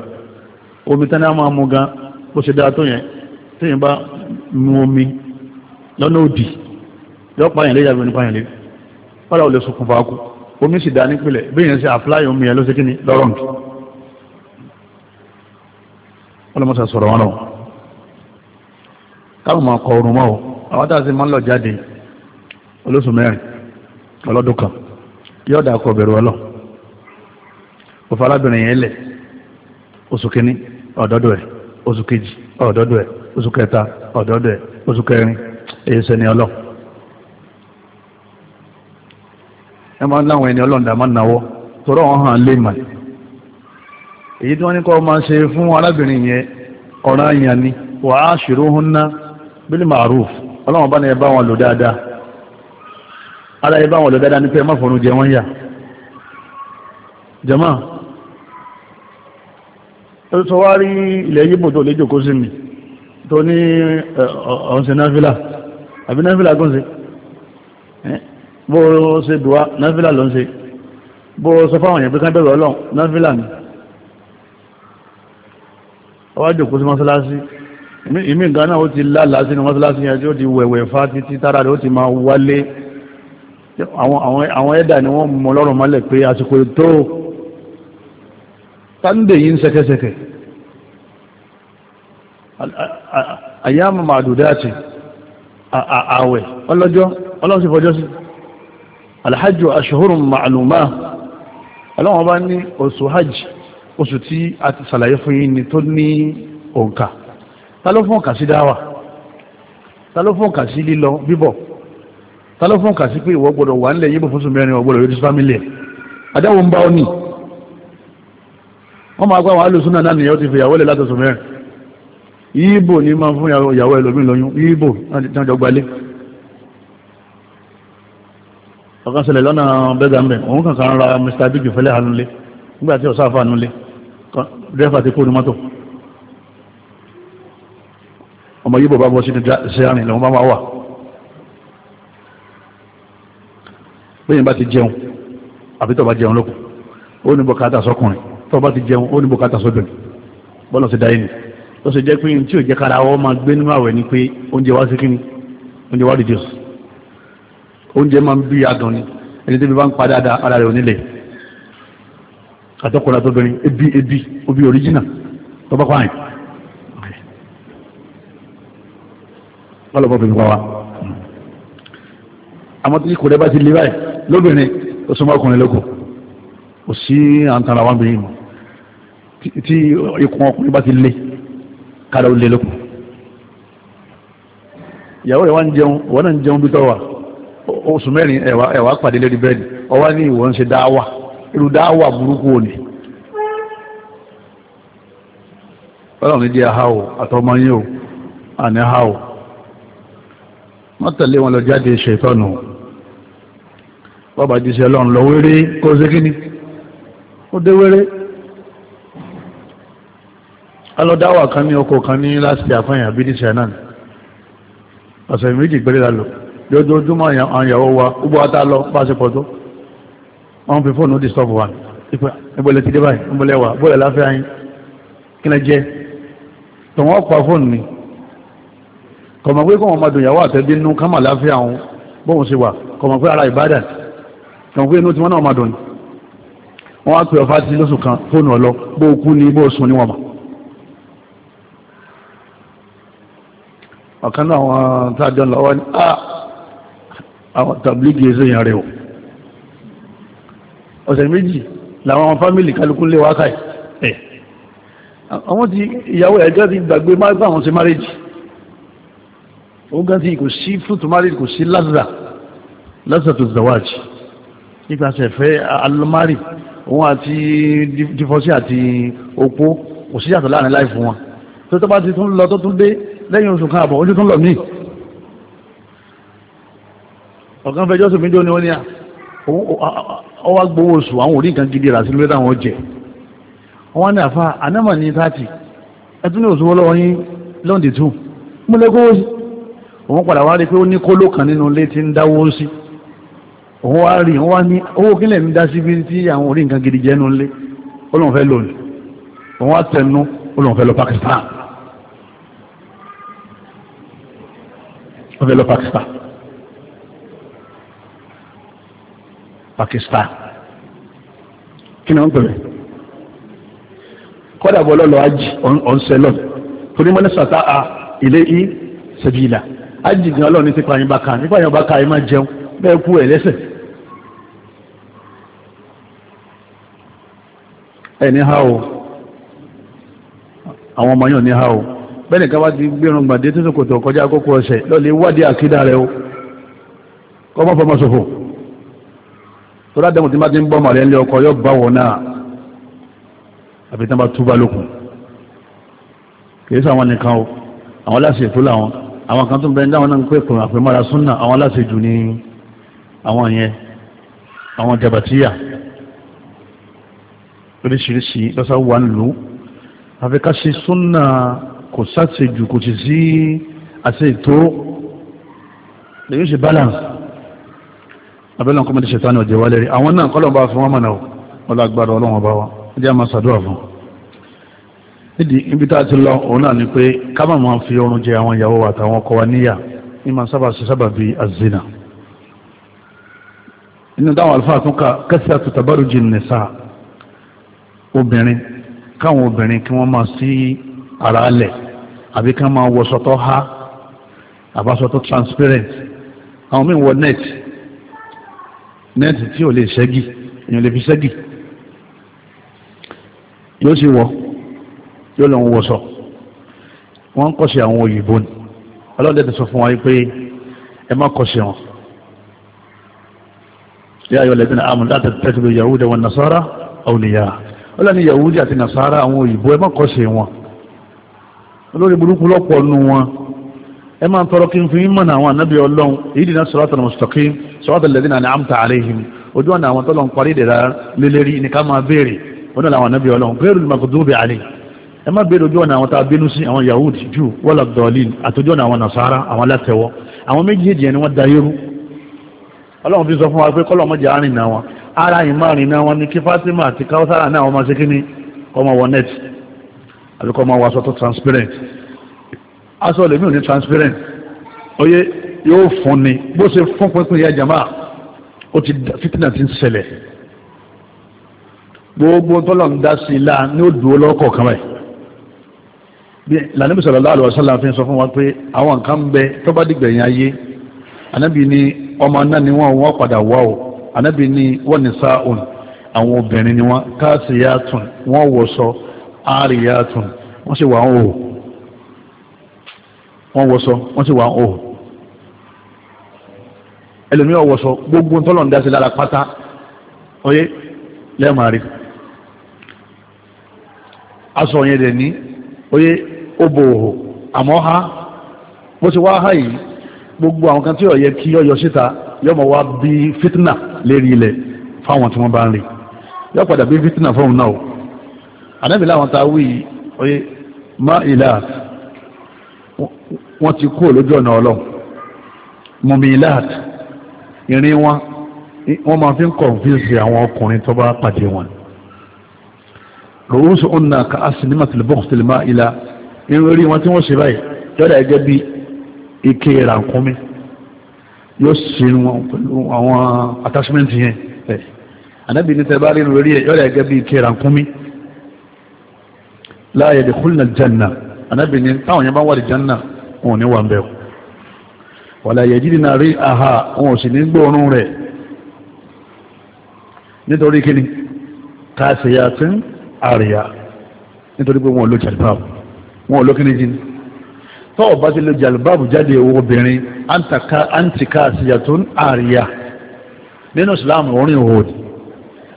omi tán náà máa mú gan bó ṣe dáa tó yẹn téèyàn bá mu omi lọ́nà òdì yọ pààyàn léyà bí onípààyàn lé wọ́n lè sọkùn bá kú omi sì dáa nípìnlẹ̀ bí yẹn ṣe àfúláyà omi yẹn ló ṣe kíní lọ́rọ̀ nù ọlọ́mọ káwọn máa kọ orun mọ́ o àwọn tá a sì máa ń lọ jáde olóṣù mẹrin ọlọ́dún kan yóò dà kọ bẹ̀rù ọlọ́ òfò arábìnrin yẹn lẹ̀ oṣù kínní ọ̀dọ́dọ̀ oṣù kejì oṣù kẹta oṣù kẹrin èyí sẹni ẹ máa ni wàá hún náà bílí màrúf ọlọ́wọ́n bá ní ẹ bá wọn lò dáadáa ara ẹ bá wọn lò dáadáa ní pé ẹ má fọ̀rùn jẹ wọ́n yà jẹ́mọ́ ó sọ wá rí ilẹ̀ yíbò tó lè jòkó sí mi tó ní ọ̀sẹ̀ náfílà àbí náfílà gúnse bó ṣe dùwá náfílà ló ń ṣe bó sọ fáwọn èèyàn pé ká bẹ̀rẹ̀ ọlọ́run náfílà ni ọwá jòkó sí mọ́sálásí ìmí ìgbà náà ó ti lálàá sínú mọ́sálásí yẹn tí ó ti wẹ̀wẹ̀ fá títí tára rẹ̀ ó ti máa wálé àwọn ẹ̀dà ni wọ́n mọ lọ́rùn mọ́lẹ̀ pé àsìkò tó sunday yìí ń sẹ́kẹ́sẹ́kẹ́ àyàmù màdùdáàtì ààwẹ̀ ọlọ́jọ́ ọlọ́sí fọjọ́ sí alhajju ashhurun ma'luma ọlọ́wọ́n bá ní oṣù hajj oṣù tí a ti sàlàyé fún yín ni tó ní òǹkà ta ló fún ọ̀kà sí dáwà ta ló fún ọ̀kà sí lílọ bíbọ̀ ta ló fún ọ̀kà sí pé ìwọ gbọdọ̀ wà nílẹ̀ yíbò fúnṣù mẹ́rin ọ̀gbọdọ̀ yóò ti fámílì ẹ̀ adáwò ń bá ọ ní wọ́n máa gbá àwọn alùsùn náà nìyàwó ti fi ìyàwó lẹ̀ látọ̀sùn mẹ́rin yíbò ní máa fún ìyàwó ẹlòmíì lọ́yún yíbò náà jọ gbalé ọ̀kan ṣẹlẹ̀ lọ́nà bẹ́gàmbẹ̀ òun kankan ra Mr. big fẹ́lẹ́ hanulé nígbà tí ọ̀sáfà hanulé dẹ́fà ti kó ní mọ́tò ọmọ yíbò bá bọ́ sí ṣe àrìn lọ́wọ́ bá máa wà bẹ́yìn bá ti jẹun àbí tọ́ bá jẹun lókun ó ní bọ́kátà sọkùnrin tọ́ bá ti jẹun ó ní bọ́kátà sódùn bọ́lọ̀ sí dáyé ni ó sì jẹ́ pé tí ò jẹ́ kára wọ́n máa gbé nínú àwẹ̀ ni pé oúnjẹ wá sí kíni oúnjẹ wá reduce oúnjẹ máa ń bí adùn ni ẹni tí bí bá ń pa dáadáa ara rẹ̀ onílẹ̀ àtọkùnrin àtọbìnrin ebi ebi obi original tọ́ bá pààyàn wọ́n lọ bọ́ bẹ̀rẹ̀ wá. àmọ́ tí kò rẹ bá ti lé báyìí lóbìnrin ó sọ ọkùnrin lóko kò sí àǹtara wọn bìnrin tí ikùn ọkùnrin bá ti lé kára ó lé lóko. ìyàwó rẹ̀ wá ń jẹun wọ́n náà ń jẹun bí tọ́wà oṣù mẹ́rin ẹ̀wà pàdé lórí bẹ́ẹ̀dì ọwá ní ìwọ̀n ń ṣe dáwà irú dáwà burúkú òní ọlọ́run ní di ahá o àtọmọ yín o àní ahá o mọ́tẹ̀lé wọn lọ jáde ṣètọ́nù bọ́bá jíṣẹ́ lọ́n lọ wéré kó ṣe kíní ó dé wéré alọ́dáwà kan ní ọkọ̀ kan ní láti àfẹ́yìn àbídí sẹ́nà ọ̀sẹ̀ méjì gbélé lálọ́ lójoojúmọ́ àyàwó wa gbogbo ata lọ pàṣípọ̀ tó wọ́n fi fóònù disturb wa ìbọ̀lẹ̀ ti dé báyìí ìbọ̀lẹ̀ wà bọ́ọ̀lẹ̀ láfẹ́ ayin kí ni jẹ́ tọ̀wọ́n pa fóònù ni kọ̀mọ̀ pé kọ̀mọ̀ ọmọdún ìyàwó àtẹ́bí nú kámà láfíà òun bóun ṣe wà kọ̀mọ̀ pé ara Ìbàdàn kọ̀mọ̀ pé inú tí wọ́n náà ọmọdún ni wọ́n á pè ọ̀fà tí lóṣù kan fóònù ọ̀lọ bó kú ní bó sùn níwọ̀n mọ̀ ọ̀kan náà àwọn tájọ lọ́wọ́ ní à ah, àwọn tàbílìgì èso yẹn rẹ̀ o ọ̀sẹ̀ méjì làwọn fámìlì kálukú lé wákàì ẹ̀ àwọn ti ìyàwó ẹ̀jọ́ ti gbàgbé má bá àwọn ṣe márèjì òun gan ti kò sí fruit marriage kò sí lazza lazza tó zawaji nípasẹ̀ fẹ́ alamari òun àti difọ́sí àti opó kò sí yàtọ̀ láàrin láì fún wọn tó tó bá ti tún lọ tó tún dé lẹ́yìn oṣù kan àbọ̀ ojú tún lọ míì ọ̀kan fẹjọ́ sùn mí dé oníwọ́n ní à ó wá gbowó oṣù àwọn orí nǹkan gidi rà sí lórí jẹ wọn ní àfa anámọ̀ ní ẹtún ní oṣù wọ́lọ́wọ́ yín lọ́ndì 2 múlẹ́kọ́ oṣù òun padà wá rí pé ó ní kóló kan nínú ilé tí ń dáwó sí òun wá rí òun wá ní owó kílẹ̀ ń dá síbi tí àwọn orí nǹkan gidi jẹ́ nínú ilé ó lóun fẹ́ lò ní òun wá tẹnu ó lóun fẹ́ lọ Pakistan ó fẹ́ lọ Pakistan Pakistan kí ni wọ́n ń pè é kọ́dà bọ́ lọ́lọ́ ajì ọ̀nsẹ̀lọ́ torí mọ́ ní sàtà ilé i sẹ́bìlà ájì gan ọlọ́run ní ti pààyàn bá ka nípa yàn bá ka ẹ máa jẹun bẹ́ẹ̀ kú ẹ̀ lẹ́sẹ̀ ẹ̀ ní ha o àwọn ọmọ yàn ní ha o bẹ́ẹ̀ nìkan bá ti gbẹ̀rún gbàdé tó sòkòtò kọjá àkókò ọ̀sẹ̀ lọ́lẹ̀ wádìí àkídà rẹ o kọ́ mọ́ fọmọ ṣòfò tó ládàmù tí má ti ń bọ́ màrẹ́ ńlẹ́ ọkọ̀ yóò bá wọ̀ náà àbí tí wọ́n bá túbà lókun kì í sọ àwọn nìkan o àwọn aláṣẹ ètò làwọn àwọn kan tó bẹ ní àwọn náà ń pè kò àpè mara súnà àwọn aláṣejù ní àwọn yẹn àwọn jabatíyà oríṣiríṣi lọ́sà wà ń lò àfi ká ṣe súnà kò sáṣejù kò sì sí àṣẹ ètò lèyìn ṣe balance abẹ́lẹ̀ nǹkan mọ́tò ṣètò àná ọ̀jẹ̀ wálé rí àwọn náà kọ́lọ̀ bá fún wọn mọ̀nà ọ̀làgbàdo ọlọ́wọ́n bá wa ẹjẹ́ àmọ́ ṣàdúrà fún un nídìí ibi tá a ti lọ òun náà ni pé ká má máa fi oorun jẹ àwọn ìyàwó àtàwọn ọkọ wa níyà ní máa sábà ṣe sábà bíi azina inú táwọn àlùfáà tún ka kẹsì àtúntàbárò jìn nìsa obìnrin káwọn obìnrin kí wọ́n máa sí ara lẹ̀ àbí ká máa wọṣọ tó há àbáṣọ transparent àwọn míì wọ net net tí ò lè ṣẹ́gi èèyàn lè fi ṣẹ́gi yóò sì wọ̀ yóò lọ ń wọṣọ wọn ń kọsí àwọn òyìnbó ni ọlọ́dẹ ti sọ fún wa yìí pé ẹ má kọsí wọn. yà á yọ lẹ́gbẹ́ náà àmọ́ láti tẹ́tù yahudi wọn nasara awliya ọlọ́ni yahudi àti nasara àwọn òyìnbó ẹ má kọsí wọn olórí burúkú lọ́pọ̀ nù wọn ẹ máa tọrọ kí n fi mọ̀ náà àwọn anábì ọlọ́run èyí dì náà siratal mustaqim siratal ladhina an'amta alayhim ojú ọ̀nà àwọn tọ́lọ̀ ń parí ìdẹ̀ra lélẹ́rí ní ká máa béèrè wọn náà làwọn anábì ọlọ́run ghayril maghdubi alayhim ẹ má bèèrè ojú ọ̀nà àwọn tá a bínú sí àwọn yahud jù wọ́lá dọ̀ọ̀lì àtòjú ọ̀nà àwọn nasara àwọn alátẹ̀wọ́ àwọn méjèèjì ẹni wọ́n da yẹ́rú ọlọ́run fi sọ fún wa pé kọ́lọ̀ mọ́jà àárín náà wọn ara ìmọ̀ àárín náà wọn ni kí Fatima àti Kausara náà wọn máa ṣe kíní kọ́ máa wọ net àbí kọ́ máa wọ aṣọ tó transparent aṣọ lèmi ò ní transparent oyè yóò fún ni bó ṣe fún pínpín ìyá jama ó ti fitina ti ń ṣẹlẹ̀ gbogbo tọ́lọ̀ ń dá sí i láà ní ó dùn lọ́kọ̀ọ̀kan báyìí lànàbí sallallahu alaihi wasallam fi sọ fún wa pé àwọn nǹkan ń bẹ tó bá dìgbẹ̀yìn ayé ànábì ni ọmọ náà ni wọ́n wọ́n padà wá o ànábì ni wọ́n ní sáàùn àwọn obìnrin ni wọ́n káàsìyàtùn wọ́n wọ̀sọ àríyàtùn wọ́n sì wà ń hò wọ́n wọ̀sọ wọ́n sì wà ń hò ẹlòmíì ọ̀wọ̀sọ gbogbo tọ́lọ̀ ń dá sí lára pátá oyé lẹ́ẹ̀mà rí aṣọ yẹn dẹ̀ ní oyé ó bò òhò àmọ́ há bó ti wá há yìí gbogbo àwọn kan tí ó kí ó síta yóò mọ̀ wá bí fitna lérí ilẹ̀ fáwọn tí wọ́n bá ń rí yóò padà bí fitna fóun náà ànábì láwọn tá a wí oye má ilà wọ́n ti kú lójú ọ̀nà ọlọ́run mọ̀mí ilà ìrìn wọn wọ́n máa fi ń kọ̀ǹfíìsì àwọn ọkùnrin tó bá pàdé wọn rọ̀rùsù ọ̀nà ka asinimá tìlbọ́ọ̀sì tìlmá irun orí wọn tí wọ́n ṣe báyìí yọ́dà ẹgẹ́ bí ike ìrànkúnmí yóò ṣe pẹ̀lú àwọn attachment yẹn ẹ̀ ànábì ní tẹ́bá rí irun orí ẹ̀ yọ́dà ẹgẹ́ bí ike ìrànkúnmí la yadkhulna aljanna ànábì ní táwọn yẹn bá wà aljanna wọn ò ní wà ń bẹ̀rù wala yajidna ri'aha wọn ò sì ní gbóòórùn rẹ̀ nítorí kíni káṣíyàtún àríyá nítorí pé wọn ló jẹ̀lbáwò wọn ò lókè níjì tó o bá ti lè jàlùbáàbù jáde owó obìnrin àǹtíkà àṣìyàtò àríyá nínú islam orin òhòdì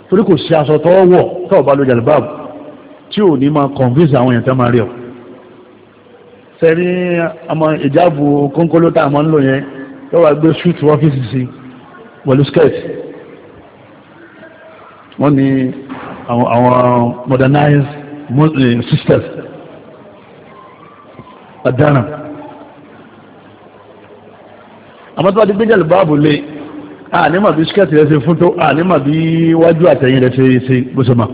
torí kò sí aṣọ tó wọ̀ tó o bá lè jàlùbáàbù tí ò ní máa kọ̀nfíìsì àwọn èèyàn tó máa rí ọ sẹ́rí àmọ́ ìjáàbù kónkóló tá a máa ń lò yẹn tó wà gbé ṣúùtù ọ́fíìsì sí pẹ̀lú skirt wọ́n ní àwọn modernized sisters ọ̀daràn àmọ́ tó bá ti gbé jẹ́ lùbáàbò lé ànímọ̀ bí skẹ́ẹ̀tì rẹ̀ ṣe fún tó ànímọ̀ bí wájú àtẹ̀yìn rẹ̀ ṣe ṣe gbóṣọmọ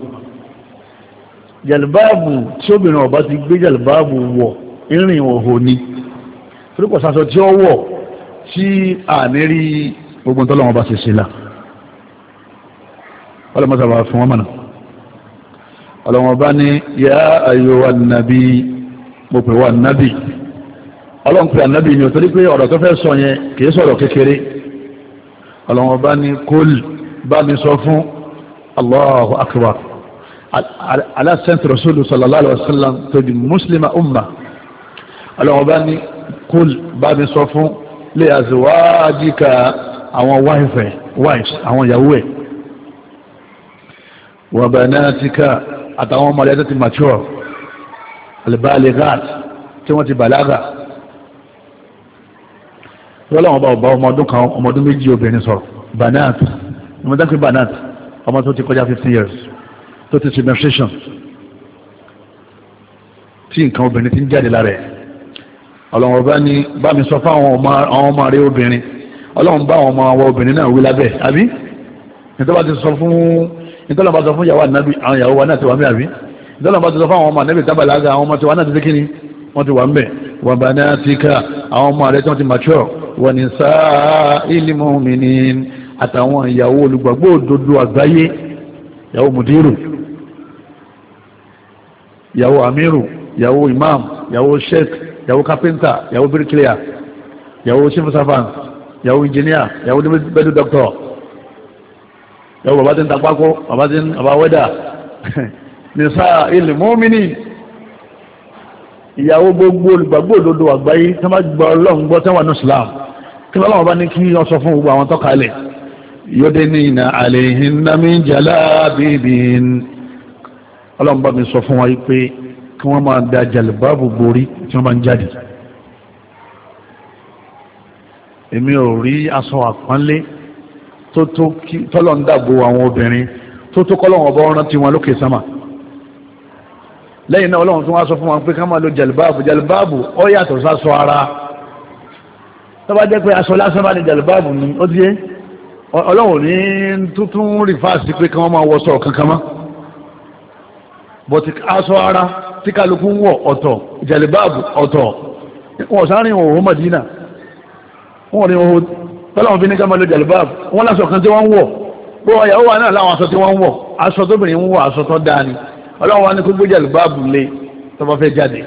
jẹ̀lùbáàbù tí obìnrin ọba ti gbé jẹ̀lùbáàbù wọ̀ ìrìn òhò ni torípọ̀ sasọ tí ó wọ̀ tí àníri gbogbo tọ́lọ́wọ́n bá ṣe ṣe la ọlọ́mọ sábà fún wọn mọ̀nà ọlọ́mọ bá ní yá àyọ̀wà nàbí mo pè wá nábì ọlọ́run pé ànábì ni òtọ́rí pé ọ̀rọ̀ tó fẹ́ sọ yẹn kì í sọ̀rọ̀ kékeré ọlọ́run bá ní kólì bá mi sọ fún Allahu akbar aláṣẹ́ntì rasúlù sallallahu alaihi wasallam tó di muslima umma ọlọ́run bá ní kólì bá mi sọ fún lè àzíwájíkà àwọn wáìfẹ̀ wáìs àwọn ìyàwó ẹ̀ wà banatika àtàwọn ọmọdé tó ti mature alibaligat tí wọ́n ti bàlágà lọ́lọ́wọ́n bá ọba ọmọ ọdún kan ọmọ ọdún méjì obìnrin sọ̀rọ̀ banat ọmọ dákì banat ọmọ tó ti kọjá 15 years tó ti ṣe menstruation tí nǹkan obìnrin ti ń jáde lára ẹ̀ ọlọ́wọ́n bá ní bá mi sọ fáwọn ọmọ rẹ obìnrin ọlọ́wọ́n bá àwọn ọmọ àwọn obìnrin náà wí lábẹ́ àbí nítorí wọ́n ti sọ fún ìyàwó ànábì àwọn ìyàwó wa náà ti wà mí àbí dọ́là bá ti sọ fáwọn ọmọ ànẹ́bì tábàlágà àwọn ọmọ tí wà náà ti dékìní wọ́n ti wà ń bẹ̀ wà bá náà ti ká àwọn ọmọ rẹ̀ tí wọ́n ti mature wọ́n ní sáà ìlímọ̀ mìíní àtàwọn ìyàwó olùgbàgbọ́ òdodo àgbáyé ìyàwó mùdírù ìyàwó amírù ìyàwó imam ìyàwó sheikh ìyàwó kapinta, ìyàwó bricklayer ìyàwó civil servant ìyàwó engineer ìyàwó bẹ́ẹ̀dù doctor ìyàwó bàbá tí ń tapákó bàbá nìsá ilẹ̀ mọ́mìnì ìyàwó gbogbo olùgbàgbọ́ òdodo àgbáyé tí wọ́n bá gba ọlọ́run gbọ́ tẹ́wọ̀n ní islam kí wọ́n láwọn bá ní kí wọ́n sọ fún gbogbo àwọn tọ́kalẹ̀ yóde ní ìnà àlèyìn nàmí jàlá bíbí ọlọ́run bá mi sọ fún wa pé kí wọ́n máa da jàlùbáàbù borí tí wọ́n bá ń jáde èmi ò rí aṣọ àpọ́nlé tó tó tọ́lọ́ ń dàbò àwọn obìnrin tó tó kọ́lọ́wọ́n bá rántí wọn lókè sámà lẹ́yìn náà ọlọ́run tún wá sọ fún wọn pé ká máa lo jalibabu jalibabu ó yàtọ̀ sásọ ara tó bá jẹ́ pé aṣọ lásán bá ní jalibabu ni ó díẹ̀ ọlọ́run ní tuntun rìfáàsì pé kí wọ́n máa wọṣọ kankan mọ́ bọ̀tí aṣọ ara tí kálukú ń wọ̀ ọ̀tọ̀ jalibabu ọ̀tọ̀ wọn sáárín òhun Madina wọn rí òhun tọ́lọ́run fi ní ká máa lo jalibabu wọn lásọ kan tí wọ́n ń wọ̀ bó ọyà ọlọ́run wa ní kó gbé jàlùbáàbù lé tọ́ba fẹ́ jáde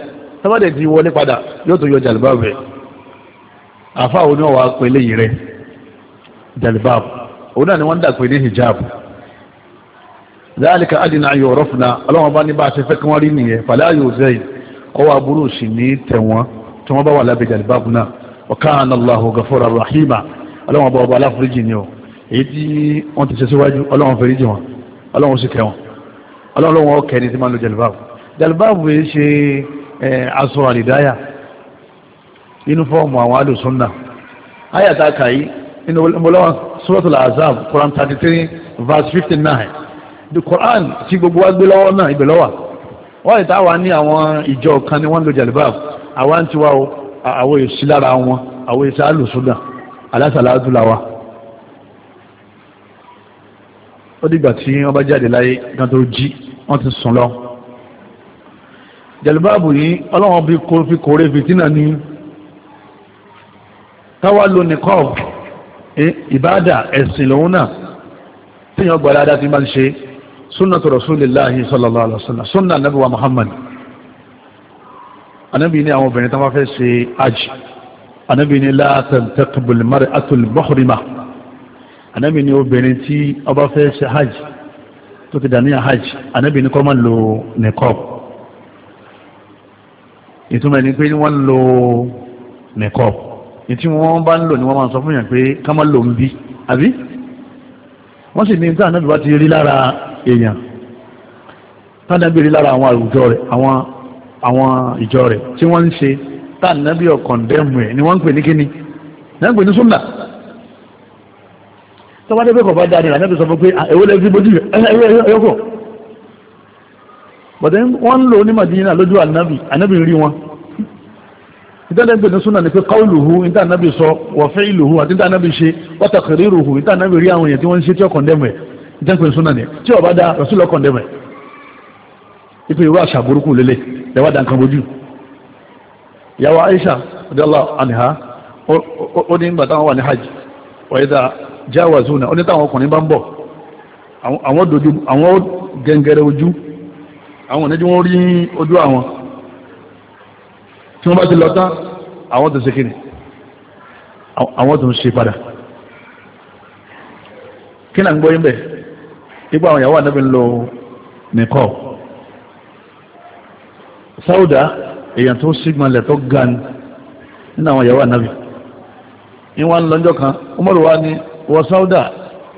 tọ́ba dẹ̀ ti wọlé padà yóò tó yọ jàlùbáàbù rẹ̀ àfa òun náà wà á pè léyìí rẹ̀ jàlùbáàbù òun náà ni wọ́n ń dà pé ní hijab láàlìkà àdínà ayò rọ́fùnà ọlọ́run bá ní bá a ṣe fẹ́ kí wọ́n rí nìyẹn fàlẹ́ ayò zẹ́yìn ọwọ́ aburú sì ní tẹ̀wọ́n tí wọ́n bá wà lábẹ́ jàlùbáàbù náà ọ̀kan aláhùn gafọ́ra rahima ọlọ́run bá ọba aláforíjì ni ọ èyí tí wọ́n ti ṣe síwájú ọlọ́run fẹ́ríjì wọn ọlọ́run sì tẹ̀wọ́n ọlọ́run wọn kẹ́ni tí máa lo jẹ̀lúbáàbù jẹ̀lúbáàbù yìí ṣe aṣọ àlìdáyà yúnífọ́ọ̀mù àwọn alùsùnà ayàtà kàyí nínú mọ́lọ́wọ́ suratul azab quran thirty three verse fifty nine the quran tí gbogbo wa gbé lọ́wọ́ náà ibẹ̀ lọ́wọ́ wọ́n lè táwa ní àwọn ìjọ kan ni wọ́n lo jẹ̀lúbáàbù àwa tiwa àwọn èsì lára wọn àwọn èsì alùsùnà alásàlá ó dìgbà tí wọ́n bá jáde láyé kan tó jí wọ́n ti sùn lọ jẹ̀lúbáàbù yìí ọlọ́wọ́n bí kò fi kòrè fìtínà ni táwa lo nìkọ́ọ̀ eh, ìbáàdà ẹ̀sìn lòun náà tíyàn gbọ́dọ̀ adá ti máa ń ṣe sunnatu rasulillahi sallallahu alaihi wasallam sunna nabi wa muhammad anabi ni àwọn obìnrin tó máa fẹ́ ṣe ajì anabi ni la tantaqibul mar'atul muhrima anábì ní obìnrin tí ó bá fẹ́ ṣe hajj tó ti dàníyàn hajj anábì ní kó má lo nìkọ́b ìtumọ̀ ni pé wọ́n lo nìkọ́b ìtí wọ́n bá ń lò ní wọ́n máa sọ fún yàn pé ká má lò ń bí àbí wọ́n sì ní tí anábì bá ti rí lára èèyàn tánàbí rí lára àwọn àwùjọ rẹ̀ àwọn àwọn ìjọ rẹ̀ tí wọ́n ń ṣe tánàbí ọ̀kọ̀ndẹ́mù ẹ̀ ni wọ́n ń pè ní kíni ní ń pè ní súnà tọ́wádé pé kọ̀ọ̀bá dáadé rà nẹ́bí sọ fún pé ah, èwo lẹ́bí bójú ẹ̀yọ́kọ̀ bọ̀dẹ̀ wọ́n ń lò ní Madina lójú ànábì ànábì rí wọn ìtàlẹ́ gbẹ̀dẹ̀ súnà ni pé qawluhu ìtà ànábì sọ wa fi'luhu àti ìtà ànábì ṣe wa taqriruhu ìtà ànábì rí àwọn èèyàn tí wọ́n ń ṣe tí ó kọ̀ndẹ́mù ẹ̀ ìtàgbẹ̀ súnà ni tí ọba dá rasulọ kọ̀ndẹ́mù ẹ̀ jáwàzúnà ó ní táwọn ọkùnrin bá ń bọ̀ àwọn dojú àwọn gẹngẹrẹ ojú àwọn oníjú wọn rí ojú àwọn tí wọ́n bá ti lọ tán àwọn tó ṣe kiri àwọn tó ń ṣe padà kí náà ń gbọ́ yínbẹ̀ ipò àwọn ìyàwó ànábì ń lo nìkọ́ sáúdà èèyàn tó sígbọnlẹ̀ tó ga ni nínú àwọn ìyàwó ànábì ni lọ́jọ́ kan ó mọ̀rọ̀ wá ní wọ sáúdà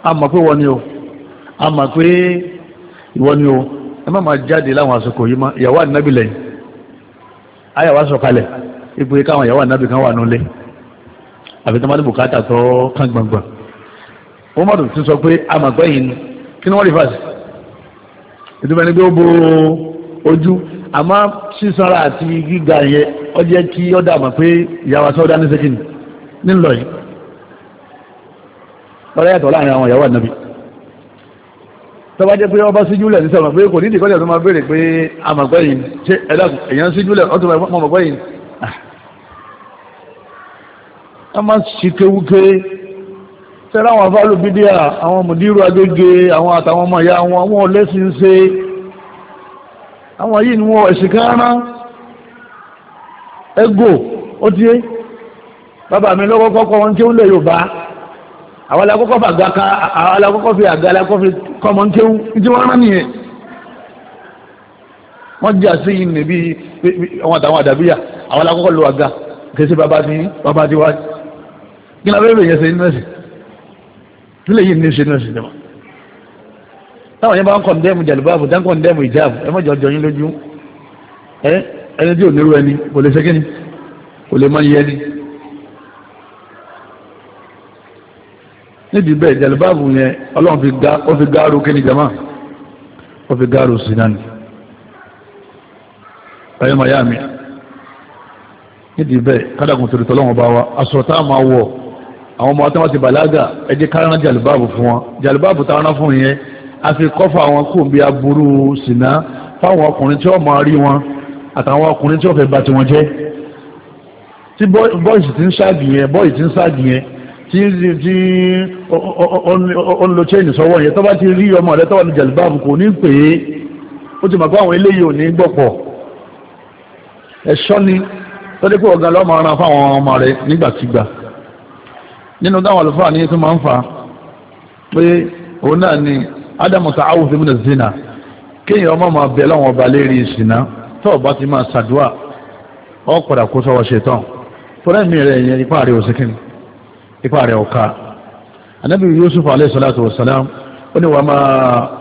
a mọ̀ pé wọ́n ni o a mọ̀ pé ìwọ́n ni o ẹ má máa jáde láwọn àsìkò yìí má ìyàwó ànábì lẹ́yìn ayàwó sọ̀kalẹ̀ ipò káwọn ìyàwó ànábì kan wà nulẹ̀ àfi gbangba wọ́n sọ pé a mọ̀ pé yìí kí ni wọ́n rí fàṣẹ ìdúbẹ́ ni pé ó bo ojú àmọ́ sísanra àti gíga yẹn jẹ́ kí dà mọ̀ pé ìyàwó lọ́rọ̀ yàtọ̀ láàrin àwọn ìyàwó ànábì tọ́bá jẹ́ pé ọba síjúlẹ̀ ní sọ̀rọ̀ pé kò ní ìdíkọ́lẹ̀ tó máa béèrè pé amọ̀gbẹ́yìn ṣe ẹ̀dàkùn èèyàn síjúlẹ̀ ọdún mọ̀gbẹ́yìn a máa ṣì kéwúké tẹ́lá àwọn afáàlù bídíà àwọn mùdírù agége àwọn àtàwọn ọmọ ìyá wọn wọn ò lẹ́sìn ṣe àwọn yìí ni wọn ẹ̀sìn kárá ẹgò ó tiẹ́ bàbá mi lọ́kọ́ kọ́kọ́ wọn kí ó lè àwọn alákọ́kọ́ fi àga ka àwọn alákọ́kọ́ fi àga alákọ́kọ́ fi kọ́mọ ń kéwú tí wọ́n rán nìyẹn wọ́n jà sí yìí níbi àwọn àtàwọn àdàbíyà àwọn alákọ́kọ́ lo àga kèsì bàbá ti bàbá ti wá kí ni abẹ́rẹ́ yẹn ṣe nínú ẹ̀sìn kí lè yìí ní ṣe nínú ẹ̀sìn jẹ́mọ́ táwọn yẹn bá ń kọ̀ndẹ́mù jàlùbáàbù dá ń kọ̀ndẹ́mù ìjáàbù ẹ mọ̀jọ jọ yín lójú ẹni tí ò nírú ẹni kò lè ṣe kíni kò lè mọ iye ẹni nídìí bẹ́ẹ̀ jẹ̀lúbáàbù yẹn ọlọ́run fi gáàrú kí ni jama ó fi gáàrú sí náà ni ẹ̀yọ́ miami nídìí bẹ́ẹ̀ kádàkùn torí tọ́lọ́wọ́n bá wa aṣọ tá a máa wọ̀ àwọn ọmọ tí wọ́n ti bàlágà ẹ jẹ́ ká rán jẹ̀lúbáàbù fún wọn jẹ̀lúbáàbù tá a rán fún yẹn a fi kọ́fà àwọn kò bí aburú sìnà fáwọn ọkùnrin tí wọ́n máa rí wọn àtàwọn ọkùnrin tí wọ́n fẹ́ bà tiwọn jẹ́ tí bọ́ìsì tí ó ń lo chain sọ́wọ́ yẹn tó bá ti rí ọmọ rẹ̀ tó wà ní jẹ̀lúbáàbù kò ní pè é ó ti mọ̀ pé àwọn eléyìí ò ní gbọ̀pọ̀ ẹ̀ṣọ́ ni tọ́jú pé ọ̀gá lọ́mọ ara fáwọn ọmọ rẹ̀ nígbàkigbà nínú táwọn àlùfáà ní tó máa ń fa pé òun náà ni ádámù sàáwù fi múnà zina kéèyàn ọmọ máa bẹ láwọn ọba lérí ìsìná tó ọba ti máa ṣàdúà ọ̀ padà kó sọ́wọ́ ṣetán tó rẹ́mi rẹ̀ yẹn ipá rẹ̀ òsìkìnnì ipa rẹ̀ ọ̀ka anabi yusuf alayhi salatu wa salam ó ní wa ma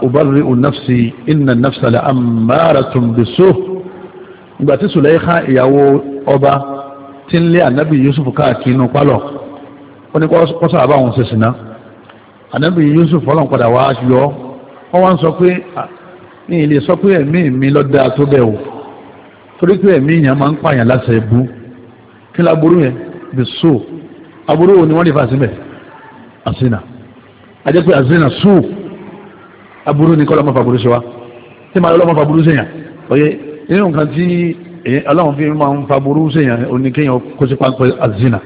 ubarri'u nafsi inna nafsa la ammaratun bisu ìgbà tí sùlẹ́yìká ìyàwó ọba tí ń lé anabi yusuf káàkiri inú pálọ̀ ó ní kọ́sọ́ àbáwọn ṣe sìnà anabi yusuf ọlọ́n padà wá yọ wọ́n wá ń sọ pé ní ilé sọ pé ẹ̀mí mi lọ́dà tó bẹ̀ torí pé ẹ̀mí yẹn máa ń pààyàn láṣẹ ẹ̀bú kí láburú yẹn bisu aburú wo ni wọ́n lè fà síbẹ̀ àsínà ajẹ́ pé àsínà sùn aburú ni kọ́lọ́ máa fàburú sí wa tí màá lọ́mọ́ fàburú sèyàn oyè nínú nǹkan tí ọlọ́run fi máa ń fàburú sèyàn oníkéyàn kó sí pápẹ́ àsínà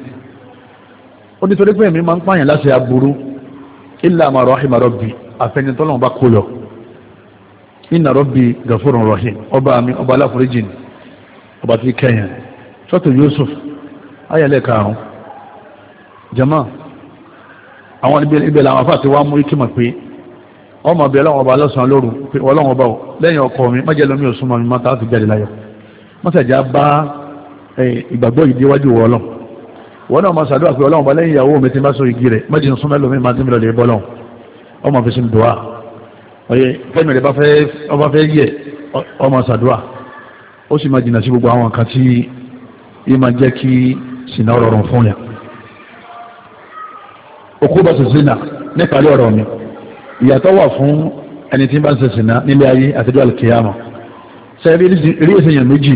ó ní torí pé èmi máa ń pààyàn láti aburú illa ma rahima rabbi àfẹnitọ́lọ́run bá kó lọ inna rabbi gafurun rahim ọba mi ọba aláforíjì ọba tí kẹyàn sọ́tò Yusuf ayẹlẹ́ karùn-ún jama àwọn ibi ibẹ̀ làwọn afá ti wá mú ikima pé ọmọ ọbẹ̀ ọlọ́wọ́ ọba lọ́sàn-án lóru pé ọlọ́wọ́ ọba lẹ́yìn ọkọ mi májẹ́ lómi òsùnmọ́ mi máa tààtì jáde láyọ̀ mọ́sàjá bá ìgbàgbọ́ yìí déwájú wọ́ ọlọ́ wọ́n náà máa ṣàdúrà pé ọlọ́wọ́ ọba lẹ́yìn ìyàwó mi ti máa so igi rẹ̀ májẹ́ súnmọ́ lómi máa ti mìíràn lè bọ́ lọ́wọ́ ọmọ fi òkú bá ṣe zina níparí ọ̀rọ̀ mi ìyàtọ̀ wà fún ẹni tí ń bá ń ṣe zina nílé ayé àtijọ́ àlùkìyàmọ̀ ṣe rí èsèyàn méjì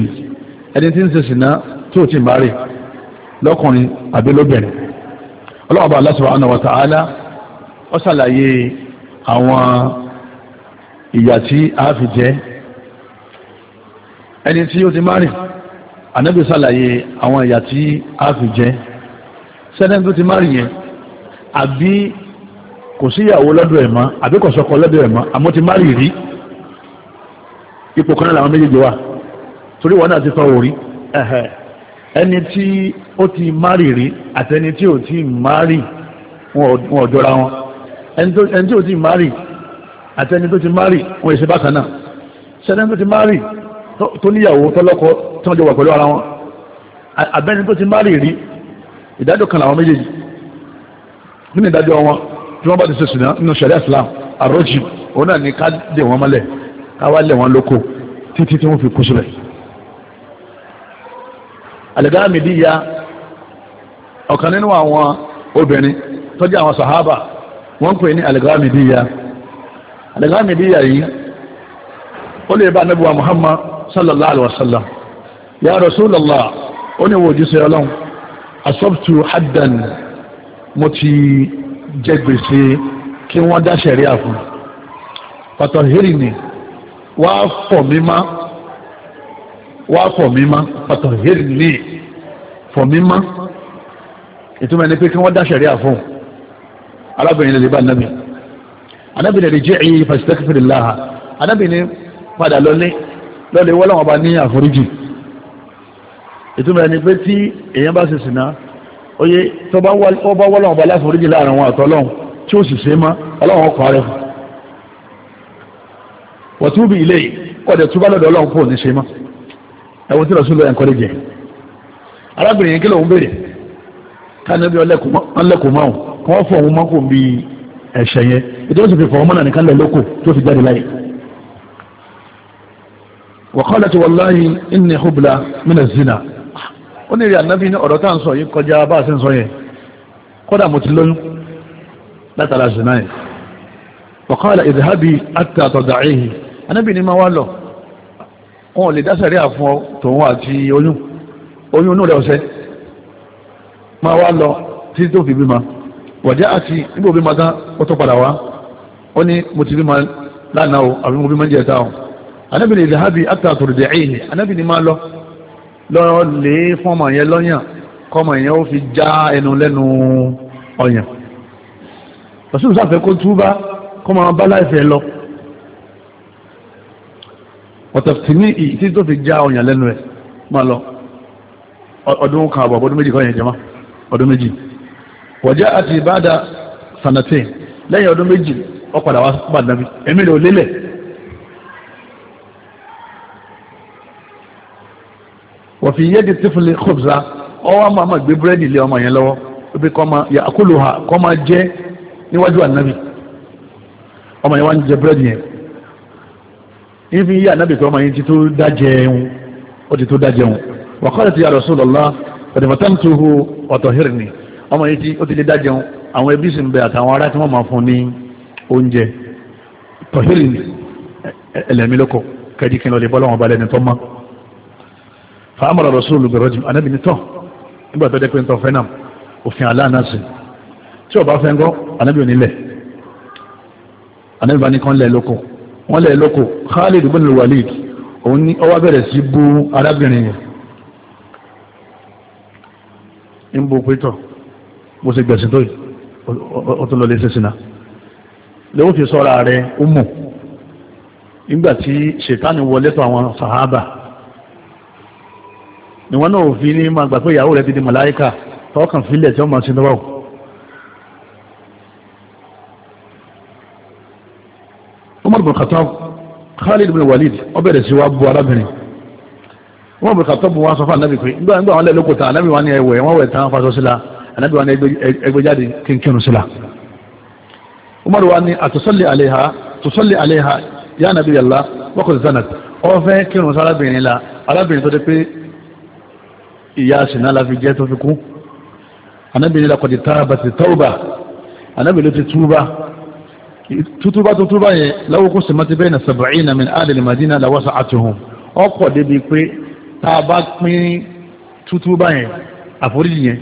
ẹni tí ń ṣe zina tí ò tí ń bá rè lọ́kùnrin àbí lóbìnrin ọlọ́ọ̀bá Allah subhanahu wa ta'ala ó ṣàlàyé àwọn ìyà tí a fi jẹ́ ẹni tí ó ti márì ànábì ṣàlàyé àwọn ìyà tí a fi jẹ́ sẹ́dẹ́ni tó ti márì yẹn àbí kò síyàwó lọ́dọ̀ ẹ̀ mọ́ àbí kò sọkọ lọ́dọ̀ ẹ̀ mọ́ àmọ́ ti má rí rí ipò kan náà làwọn méjèèjì wà torí wọn náà ti tọ́ orí ẹni tí ó ti má rí rí àtẹni tí ò ti má rí wọn ò jọra wọn ẹni tí ò ti má rí àtẹni tó ti má rí wọn èsì bákan náà sẹ́ni tó ti má rí tó níyàwó tọ́lọ́kọ tí wọ́n jọ wà pẹ̀lú ara wọn abẹ́ni tó ti má rí rí ìdájọ́ kan làwọn méjèèjì nínú ìdájọ́ wọn tí wọ́n bá ti ṣe sùn náà nínú sẹ̀rí islam àròjì òun náà ní ká dé wọn mọ́lẹ̀ ká wá lẹ̀ wọn lóko títí tí wọ́n fi kú sílẹ̀. àlẹ́gáàmìdíyà ọ̀kan nínú àwọn obìnrin tó àwọn sàhábà wọ́n pè ní àlẹ́gáàmìdíyà àlẹ́gáàmìdíyà yìí ó lè bá anábíwá muhammad sallallahu alaihi wasallam ya rasulallah ó ní wo ojúṣe ọlọ́run asọ́bùtù haddan mo ti jẹ gbèsè kí wọ́n dá sẹ̀ríà fún pàtó hírì ni wàá fọ̀ mí má wàá fọ̀ mí má pàtó hírì ni fọ̀ mí má ìtumọ̀ ẹni pé kí wọ́n dá sẹ̀ríà fún alábìnrin lè bá nàbì anábìnrin lè jẹ́ ẹ̀yìn fastaghfirullah anábìnrin padà lọ́lé lọ́lé wọ́lọ́wọ́n bá ní àforíjì ìtumọ̀ ẹni pé tí èèyàn bá ṣe sìnà oye tó bá wọ́lọ́ ọba láforíjì láàrin wọn àtọ́lọ́hun tí ó sì ṣe má ọlọ́run ọkọ̀ rẹ̀ wọ́n tún bí ilé kọ́dẹ̀ tún bá lọ́dọ̀ ọlọ́run kò ní ṣe má ẹ̀wọ̀n tí lọ́sùn lọ ẹ̀kọ́lẹ̀ jẹ arábìnrin yẹn fi fi ó ní rí ànábì ní ọ̀rọ̀ tá à ń sọ yìí kọjá bá a ṣe ń sọ yẹn kódà mo ti lóyún látara zina yìí wàkàlà ìdíhábì àtàtọ̀dà èyí ànábì ní máa wá lọ wọn ò lè dá sàrí àfọ tòun àti oyún oyún inú rẹ̀ ọ̀sẹ̀ máa wá lọ títí tó fi bímọ wàjá àti níbo bímọ tán ó tó padà wá ó ní mo ti bímọ lánàá o àbí mo bímọ jẹ o ànábì ní ìdíhábì àtàtọ̀dà èyí ànábì ní máa lọ lọ́rọ̀ lè fọ́mọ̀ yẹn lọ́yàn kọmọ̀ yẹn ó fi já ẹnu lẹ́nu ọ̀yàn ọ̀sùn sáfẹ́ kó túbá kọmọ̀ bá láìfẹ́ lọ ọ̀tọ̀tì ní ìyí tí tó fi já ọ̀yàn lẹ́nu ẹ̀ máa lọ ọdún kan àbọ̀ ọdún méjì kọ́ yẹn jẹma ọdún méjì wọ̀já àti ìbáda sanatin lẹ́yìn ọdún méjì ó padà wá bá nàbí ẹ̀mí rẹ̀ ò lélẹ̀ wọ̀fi yéde tífìlì kọbza ọwọ́ àmọ́ àmọ́ gbé búrẹ́dì lé ọmọ yẹn lọ́wọ́ ebi kọ́mọ yàkúlù ha kọ́mọ jẹ́ níwájú ànábì ọmọ yẹn wá ń jẹ búrẹ́dì yẹn ìfi yí ànábì pé yẹn ti tó dá jẹun ó ti tó dá jẹun wàkọ́lẹ̀ ti ya Rasulullah ọ̀dẹ̀mọ̀tàmtuhu ọ̀tọ̀hìrìnì ọmọ yẹn ti ó ti lè dá jẹun àwọn ẹbí sì ń bẹ àtàwọn ará tí wọ́n máa fún ní oúnjẹ tọ̀hìrìnì ẹlẹ́mìlókò kẹ́jì kí n lọ lè bọ́ lọ́wọ́ balẹ̀ ní tọ́ mọ́ fàámọ̀rọ̀ rọ̀sùn olùgbẹ̀rọ̀jù anábì ní tán nígbà tó jẹ́ pé ń tọ́ fẹ́ náà òfin aláàánà sí tí ọba fẹ́ ń gọ́ anábì ò nílẹ̀ bá ní kan lẹ̀ lóko wọ́n lẹ̀ lóko Khalid ibn al-Walid òun ní ọwọ́ bẹ̀rẹ̀ sí bú arábìnrin yẹn ń bo pétọ̀ bó ṣe gbẹ̀sìn tó yìí ó tún lọ lé sísìn náà lẹ́wọ́n fi sọ́ra rẹ̀ ó mọ̀ nígbà tí ṣètánì wọlé tó àwọn sàhábà ni wọ́n náà fi ní máa gbà pé ìyàwó rẹ̀ ti di màláíkà tọ́kàn fílẹ̀ tí wọ́n máa ṣe lọ́wọ́ Umar bin Khattab Khalid bin Walid ó bẹ̀rẹ̀ sí wá bu arábìnrin Umar bin Khattab bu wọn sọ fún anábì pé nígbà nígbà wọn lẹ́lọ́kọ̀ tán anábì wọn ni ẹwẹ̀ wọn wẹ̀ tán faṣọ síla anábì wọn ni ẹgbẹ́jáde kínkínu síla Umar wa ni àtúnṣọ́lẹ̀ àléhà tùsọ́lẹ̀ àléhà yá nàbí yàlá wọ́kọ̀ zanat ọ fẹ́ kírun sárábìnrin la arábìnrin tó dé pé ìyá sinna la fi jẹ́ tó fi kú anabi ní lakọ̀dì tábà ti tọ́ba anabi ló ti túbà tútúbà tó túbà yẹn láwọn kó bẹ́ẹ̀ na sàbàáyì na min adìlì madina la wasa àtihùn ọkọ̀ débi pé tá a bá pín tútúbà yẹn àforíjì yẹn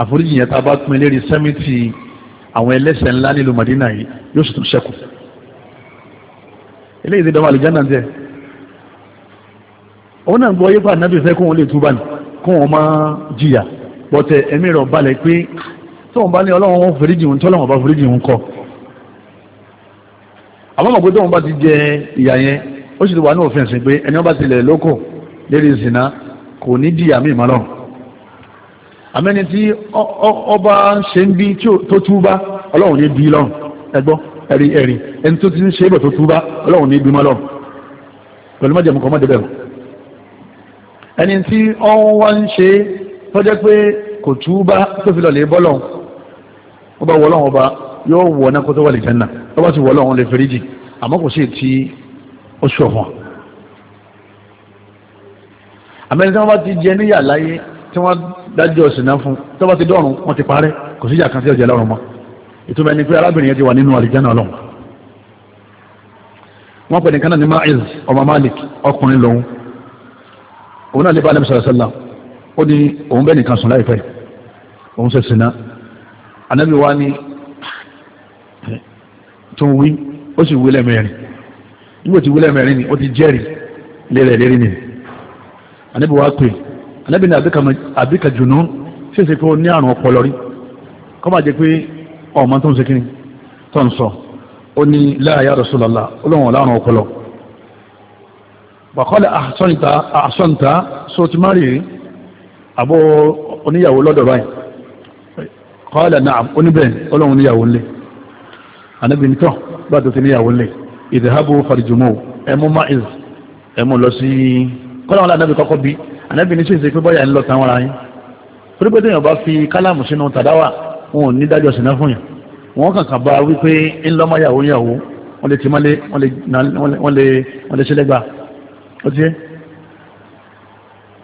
àforíjì yẹn tá a bá pín lérí sẹ́mìtì àwọn ẹlẹ́sẹ̀ ńlá nílùú madina yìí yóò sì tún ṣẹ́kù eléyìí ti dánwò àlùjáná jẹ́ òun náà gbọ́ yípa anabi fẹ́ kóun kó wọn máa jìyà bọ́tẹ̀ eh, ẹ̀mí rẹ̀ balẹ̀ pé tóun bá ní ọlọ́run wọn foríjì òun tọ́lọ́run bá foríjì òun kọ́ àwọn ọmọ gbọ́dọ̀ wọn bá ti jẹ ìyà yẹn ó sì ti wà ní òfin ẹ̀sìn pé ẹni wọn bá tilẹ̀ lóko lérí ìsìnà kò ní jìyà mí ìmọ̀lọ́ àmẹ́ni tí ọba ń ṣe ń bí tó túbá ọlọ́run ní bí lọ́run ẹgbọ́ ẹ̀rí ẹ̀rí ẹni tó ti ń ṣe é bọ̀ tó túbá ọlọ́run ní bí mọ́ lọ́run pẹ̀lú májèmú kan mọ́ débẹ̀ o ẹni tí ọ̀hún wá ń ṣe tó jẹ́ pé kò túbá tó fi lọ́lẹ̀ bọ́lọ̀ ó bá wọlọ́ ọba yóò wọ̀ náà kó tó wà lè jẹ́nà tó bá sì wọlọ́ ọ̀hún lè fẹ́ríjì àmọ́ kò sí ti oṣù ọ̀fọ̀n àmẹ́ni tí wọ́n bá ti jẹ níyà láyé tí wọ́n dájọ́ ṣìnà fún tó bá ti dọ́rùn wọ́n ti parẹ́ kò sí ìjà kan tí lọ́rùn mọ́ ìtumọ̀ ẹni pé arábìnrin yẹn ti wà nínú àlìjánà ọlọ́run wọ́n pẹ̀lú kan náà ní Ma'iz ọmọ Malik ọkùnrin lòun òun náà lè bá anamisa sẹlá ó ní òun bẹ́ẹ̀ nìkan sùn láìpẹ́ òun ṣe sìnà anabi wa ni tó ń wí ó sì wí lẹ́mẹ̀rin nígbà tí wí lẹ́mẹ̀rin ni ó ti jẹ́rìí lérẹ̀ lérí ni anabi wa pè anabi ni àbíkà jùnú ṣèṣe pé ó ní àrùn ọpọlọ rí kọ́ máa pé ọmọ tó ń ṣe kíni tó ń sọ ó ní láàyè Rasulullah ó lóun ọ̀la àrùn ọpọlọ wàkọ́lẹ̀ àṣọ́ǹta so ti má rí àbó oníyàwó lọ́dọ̀ báyìí kọ́lẹ̀ náà oníbẹ̀ ọlọ́run níyàwó ńlẹ̀ anábìnitọ́ bá tó ti níyàwó ńlẹ̀ ìdìhábò fàdìjùmọ́ ẹmú máìz ẹmú lọ sí kọ́lẹ̀ wọn lànàbì kọ́kọ́ bí anábì ní ṣèṣe pé bọ́yà ń lọ táwọn ara yín torí pé téèyàn bá fi kálàmù sínú tàdáwà wọn ò ní dájọ́ sínú fún yàn wọn kàn kàn bá wípé ńlọ́mọ ó ti yẹ́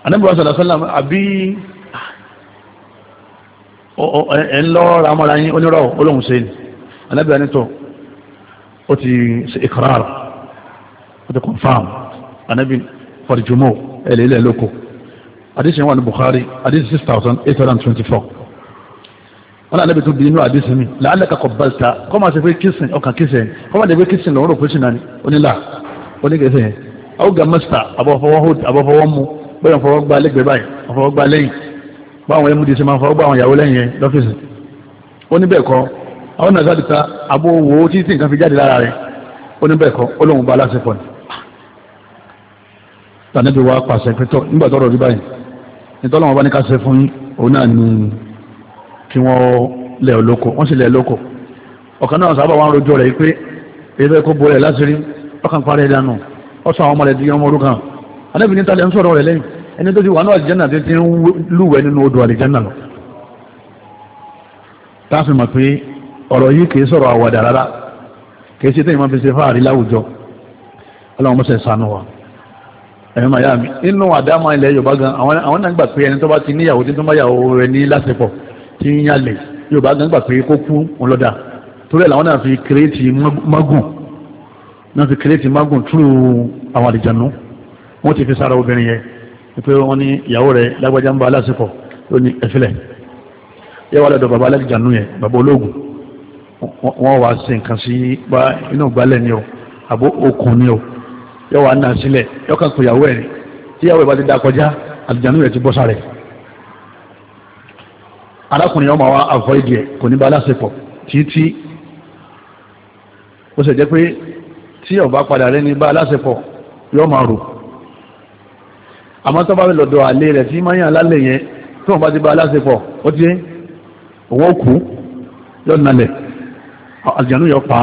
anábìwá sọ̀rọ̀ sọ́lá àbí ẹ̀ ń lọ ra mọ́ra yín onírọ̀ olóhùn ṣe ni anábìwá nítọ̀ ó ti ṣe ìkọ̀rọ̀ ó ti confam anábì fọ̀rìjùmọ̀ ẹ̀lẹ́lẹ́ lóko Bukhari àdíṣe 6824 wọ́n náà lẹ́bi tún bí inú àdíṣe mi làálẹ́ka kọ̀ bẹ́ẹ̀ ta kọ́ máa ṣe pé kìsìn ọkàn kìsìn kọ́ máa ṣe pé kìsìn lọ́rùn pé ṣìnà ni onílà onígẹ̀ẹ́sẹ̀ yẹn àwọn ga mọ́sítà abụọ fọwọ a mu lẹ́gbẹ̀ẹ́ báyìí gba lẹ́yìn báwọn md ṣe máa àwọn ìyàwó lẹ́yìn yẹn lọ́fíìsì ó ní bẹ́ẹ̀ kọ́ àwọn náà sáà dìta wo nǹkan fi jáde lára ó ní bẹ́ẹ̀ kọ́ ó lóun ba aláṣẹ pọ̀ ni. ma wa pàṣẹ pẹ́tọ́ nígbà tọrọ rí báyìí nítorí wọn bá ní ká ṣe fún òun náà ni kí wọ́n a lóko wọ́n sì lẹ̀ lóko ọ̀kan náà sábà wọn pé ọsọ àwọn ọmọ rẹ̀ di ọmọ orúkọ anábì níta lẹ́ ń sọ̀rọ̀ rẹ̀ lẹ́yìn ẹni tó ti wà ní àlìjánà tó ti ń lúwẹ̀ nínú odò àlìjánà lọ táàfin mọ̀ pé ọ̀rọ̀ yìí kìí sọ̀rọ̀ àwàdà rárá kìí ṣe tẹ́yìn máa fi ṣe fáàrí láwùjọ ọlọ́run mọ́sẹ̀ sànú wa ẹ̀yìn máa yá mi inú àdámọ́ ilẹ̀ yorùbá gan àwọn náà gbà pé ẹni tó bá ti níyàwó tí tó bá yàwó rẹ̀ ní lásìkò tí ń yálẹ̀ yorùbá gan gbà pé kó kú ńlọ́dà torí ẹ̀ làwọn náà fi kírètì mágùn náà ti kéré ti mágùn túrú àwọn àlìjànú wọ́n ti fi sára obìnrin yẹn pé wọ́n ní ìyàwó rẹ̀ lágbájá ń bá aláṣepọ̀ ó ní ẹ̀fílẹ̀ yẹ wà lọ́dọ̀ bàbá alájànú yẹn bàbá ológun wọ́n wá sí nǹkan sí bá inú gbálẹ̀ ni o àbó okùn ni o yọ wà náà sílẹ̀ yọ kàn pé ìyàwó ẹ̀ tí ìyàwó ẹ̀ bá ti dá kọjá àlìjànú rẹ̀ ti bọ́ sáré arákùnrin ọmọ wa àfọ ìdí ẹ̀ kò ní bá aláṣepọ̀ títí ó sì jẹ́ pé tí ọba padà rẹ ní bá aláṣepọ̀ yọ máa rò àmọ́ tó bá lọ́dọ̀ àlè rẹ̀ tí máa yàn lálẹ́ yẹn tí wọ́n bá ti bá aláṣepọ̀ ó ti òun kú yọ nalẹ̀ àjànú yọ pa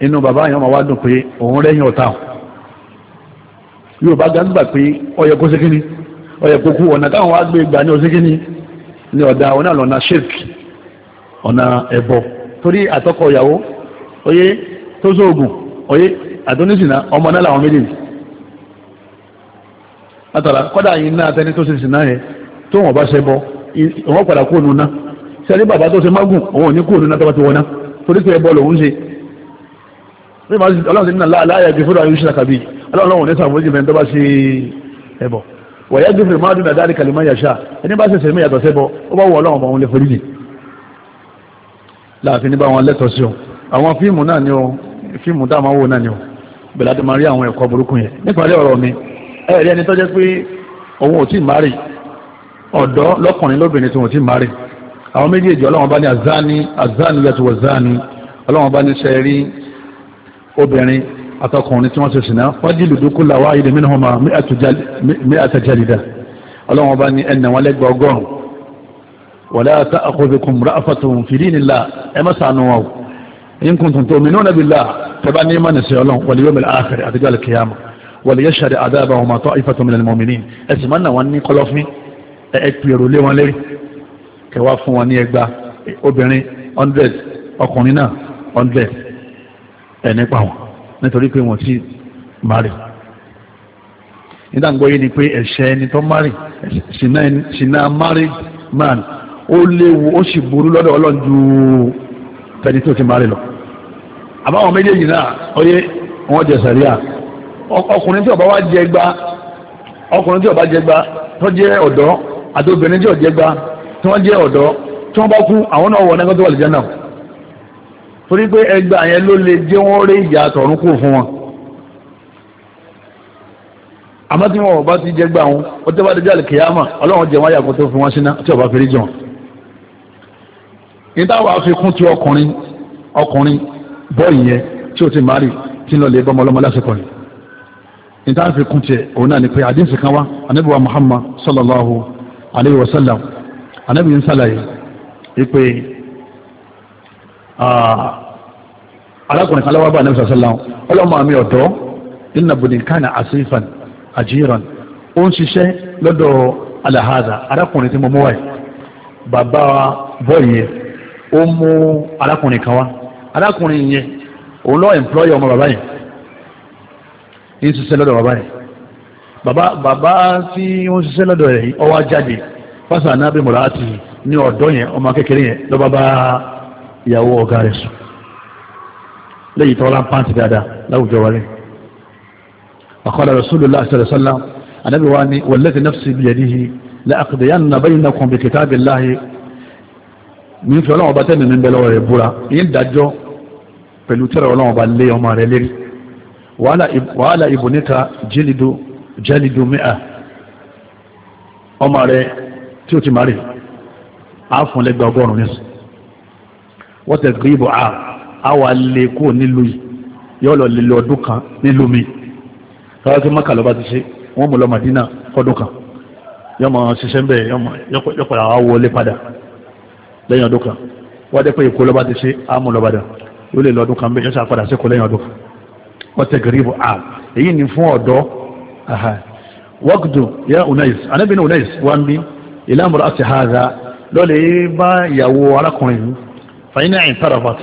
inú bàbá yẹn máa wá dùn pé òun rẹ́yìn ọ̀tá yóò bá ga nígbà pé ọyẹ kó sékíní ọyẹ kó kú ọ̀nà táwọn wá gbé gbà ní ọ̀sékíní ní ọ̀dà ọ̀nà sheik ọ̀nà ẹ̀bọ torí àtọkọ ìyàwó Oye, tó sóògùn oye, àdónísìnà ọmọ náà làwọn méjèèjì látara kọ́dà yìí náà tẹ́ni tó ṣe sìnà yẹn tó wọ́n bá ṣe bọ́ wọ́n padà kó nu ná sẹ́ni bàbá tó ṣe mágùn òun ò ní kó nu ná tó bá ti wọ́n ná torí pé ẹbọ lòun ṣe bí ma ọlọ́run ti ní aláàyà gbé fúnra yóò ṣe àkàbí ọlọ́run ní sàmójì mẹ́ni tó bá ṣe ẹbọ wọ̀yá gbé máa dùn àdáàrí kàlímà yàṣà ẹni bá ṣẹ̀ṣẹ̀ mẹ́yàtọ̀ sẹ́bọ ó bá wọ ọlọ́run bá wọn lè forí jì láàfin ní bá wọn lẹ́tọ̀ọ́ sí òun àwọn fíìmù náà ni o fíìmù tá a máa wò náà ni o bẹ̀rẹ̀ àti máa rí àwọn ẹ̀kọ́ burúkú yẹn níparí ọ̀rọ̀ mi ẹ̀rí ẹni tó jẹ́ pé òun ò tí ì márì ọ̀dọ́ lọ́kùnrin lóbìnrin tí wọ́n ti márì àwọn méjèèjì ọlọ́wọ́n bá ní azani azani yàtọ̀ wọ̀ zani ọlọ́wọ́n bá ní sẹ́rí obìnrin àtọkùnrin tí wọ́n ti sìnà wọ́n jí lùdú kú làwọn ayé mi náà máa mí ọlọ́wọ́n bá ní ẹnà wọn lẹ́gbẹ̀ẹ́ ọgọ́rùn-ún wọ́n lẹ́yà tá àkóso nílà ẹ má sànù wọn o in kuntum tu'minuna billah tẹ́bá ní ìmọ̀ nìṣẹ́ ọlọ́run wal yawmil akhir àtijọ́ alkiyama wal yashhad adabahuma ta'ifatun minal mu'minin ẹ̀sìn mọ́nà wọn ní kọlọ́fín ẹ pèrò lé wọn lérí kẹwàá fún wọn ní ẹgbà obìnrin 100 ọkùnrin náà 100 ẹ̀ nípa wọn nítorí pé wọ́n ti mari nígbàgbọ́ yìí ni pé ẹ̀ṣẹ̀ ẹni tó mari ṣìnà mari man ó léwu ó sì burú lọ́dọ̀ ọlọ́run ju tẹni tó ti mari lọ àbáwọn méjèèjì náà oyé wọ́n jẹ sàríà ọkùnrin tí ọba wá jẹ gba ọkùnrin tí ọba jẹ gba tó jẹ́ ọ̀dọ́ àti obìnrin tí ọjẹ́ gba tí wọ́n jẹ́ ọ̀dọ́ tí wọ́n bá kú àwọn náà wọ̀ nẹ́gbẹ́ tó wà lè jẹ́ náà torí pé ẹgbà yẹn ló lè jẹ́ wọ́n rí ìyà àtọ̀run kù fún wọn àmọ́ tí wọ́n bá ti jẹ́ gbà wọn ó tẹ́ bá dé jáde kìyàmà ọlọ́run jẹ́ wọ́n yàgò tó fi wọ́n síná tí ọba fi rí jọ ní táwọn afikún ti ọkùnrin ọkùnrin bọ́ọ̀lù yẹn tí o ti mari tí lọ lè bọ́ ọmọlọ́mọ lásìkò yìí níta fi kún kan wa muhammad sallallahu alayhi wa sallam kan sallallahu asifan ajiran ó n ṣiṣẹ́ lọ́dọ̀ alahaza arákùnrin tí mo mú wáyé kan arákùnrin yẹn òun lọ ẹ̀mplọ́yọ̀ ọmọ bàbá yẹn yìí ń ṣiṣẹ́ lọ́dọ̀ bàbá yẹn bàbá bàbá tí wọ́n ṣiṣẹ́ lọ́dọ̀ rẹ̀ ó wá jáde fásitì anábì mọ̀lá àti ní ọ̀dọ́ yẹn ọmọ kékeré yẹn lọ́ba bá ìyàwó ọ̀gá rẹ̀ sùn lẹ́yìn tọ́lá pàǹtì dáadáa láwùjọ wa lẹ́yìn àkọlà rasulullah sallallahu alaihi wasallam anábì wa ni wallati nafsi biyadihi la aqdiyanna baynakum bi kitabillahi mi fi pẹ̀lú tẹ́rẹ̀ ọlọ́run bá lé ọmọ rẹ̀ lérí wàhálà ìbò níta jẹ́lìdó jẹ́lìdó mẹ́à ọmọ rẹ̀ tí ó ti máa rí àáfún lẹ́gbẹ̀ẹ́ ọgọ́rùn-ún ní wọ́n tẹ̀ gbé ibò àwà lè kó nílùú yóò lọ lílọ e ọdún kan nílùú mi tọ́wọ́ tí mọ́kà lọ́ba ti ṣe wọ́n mú lọ Màdínà fọ́dún kan yóò mọ̀ ṣiṣẹ́ ń bẹ̀ yóò padà wá wọlé padà lẹ́yìn ọdún kan wọ́n dẹ́ pé èkó lọ́ba ti ṣe á mú lọ́ba dà yóò lè lọ́dún kan bẹ́ẹ̀ yọ́sà padà sí kọlẹ́yìn ọdún wọ́n tẹ̀ gẹ̀rẹ́bù àm èyí ni fún ọ̀dọ́ wọ́gùdù yá unais anábìnrin unais wá ń bí ìlàmùrọ̀ àti haza lọ́lẹ̀ bá ìyàwó arákùnrin fàyínà ìfarafat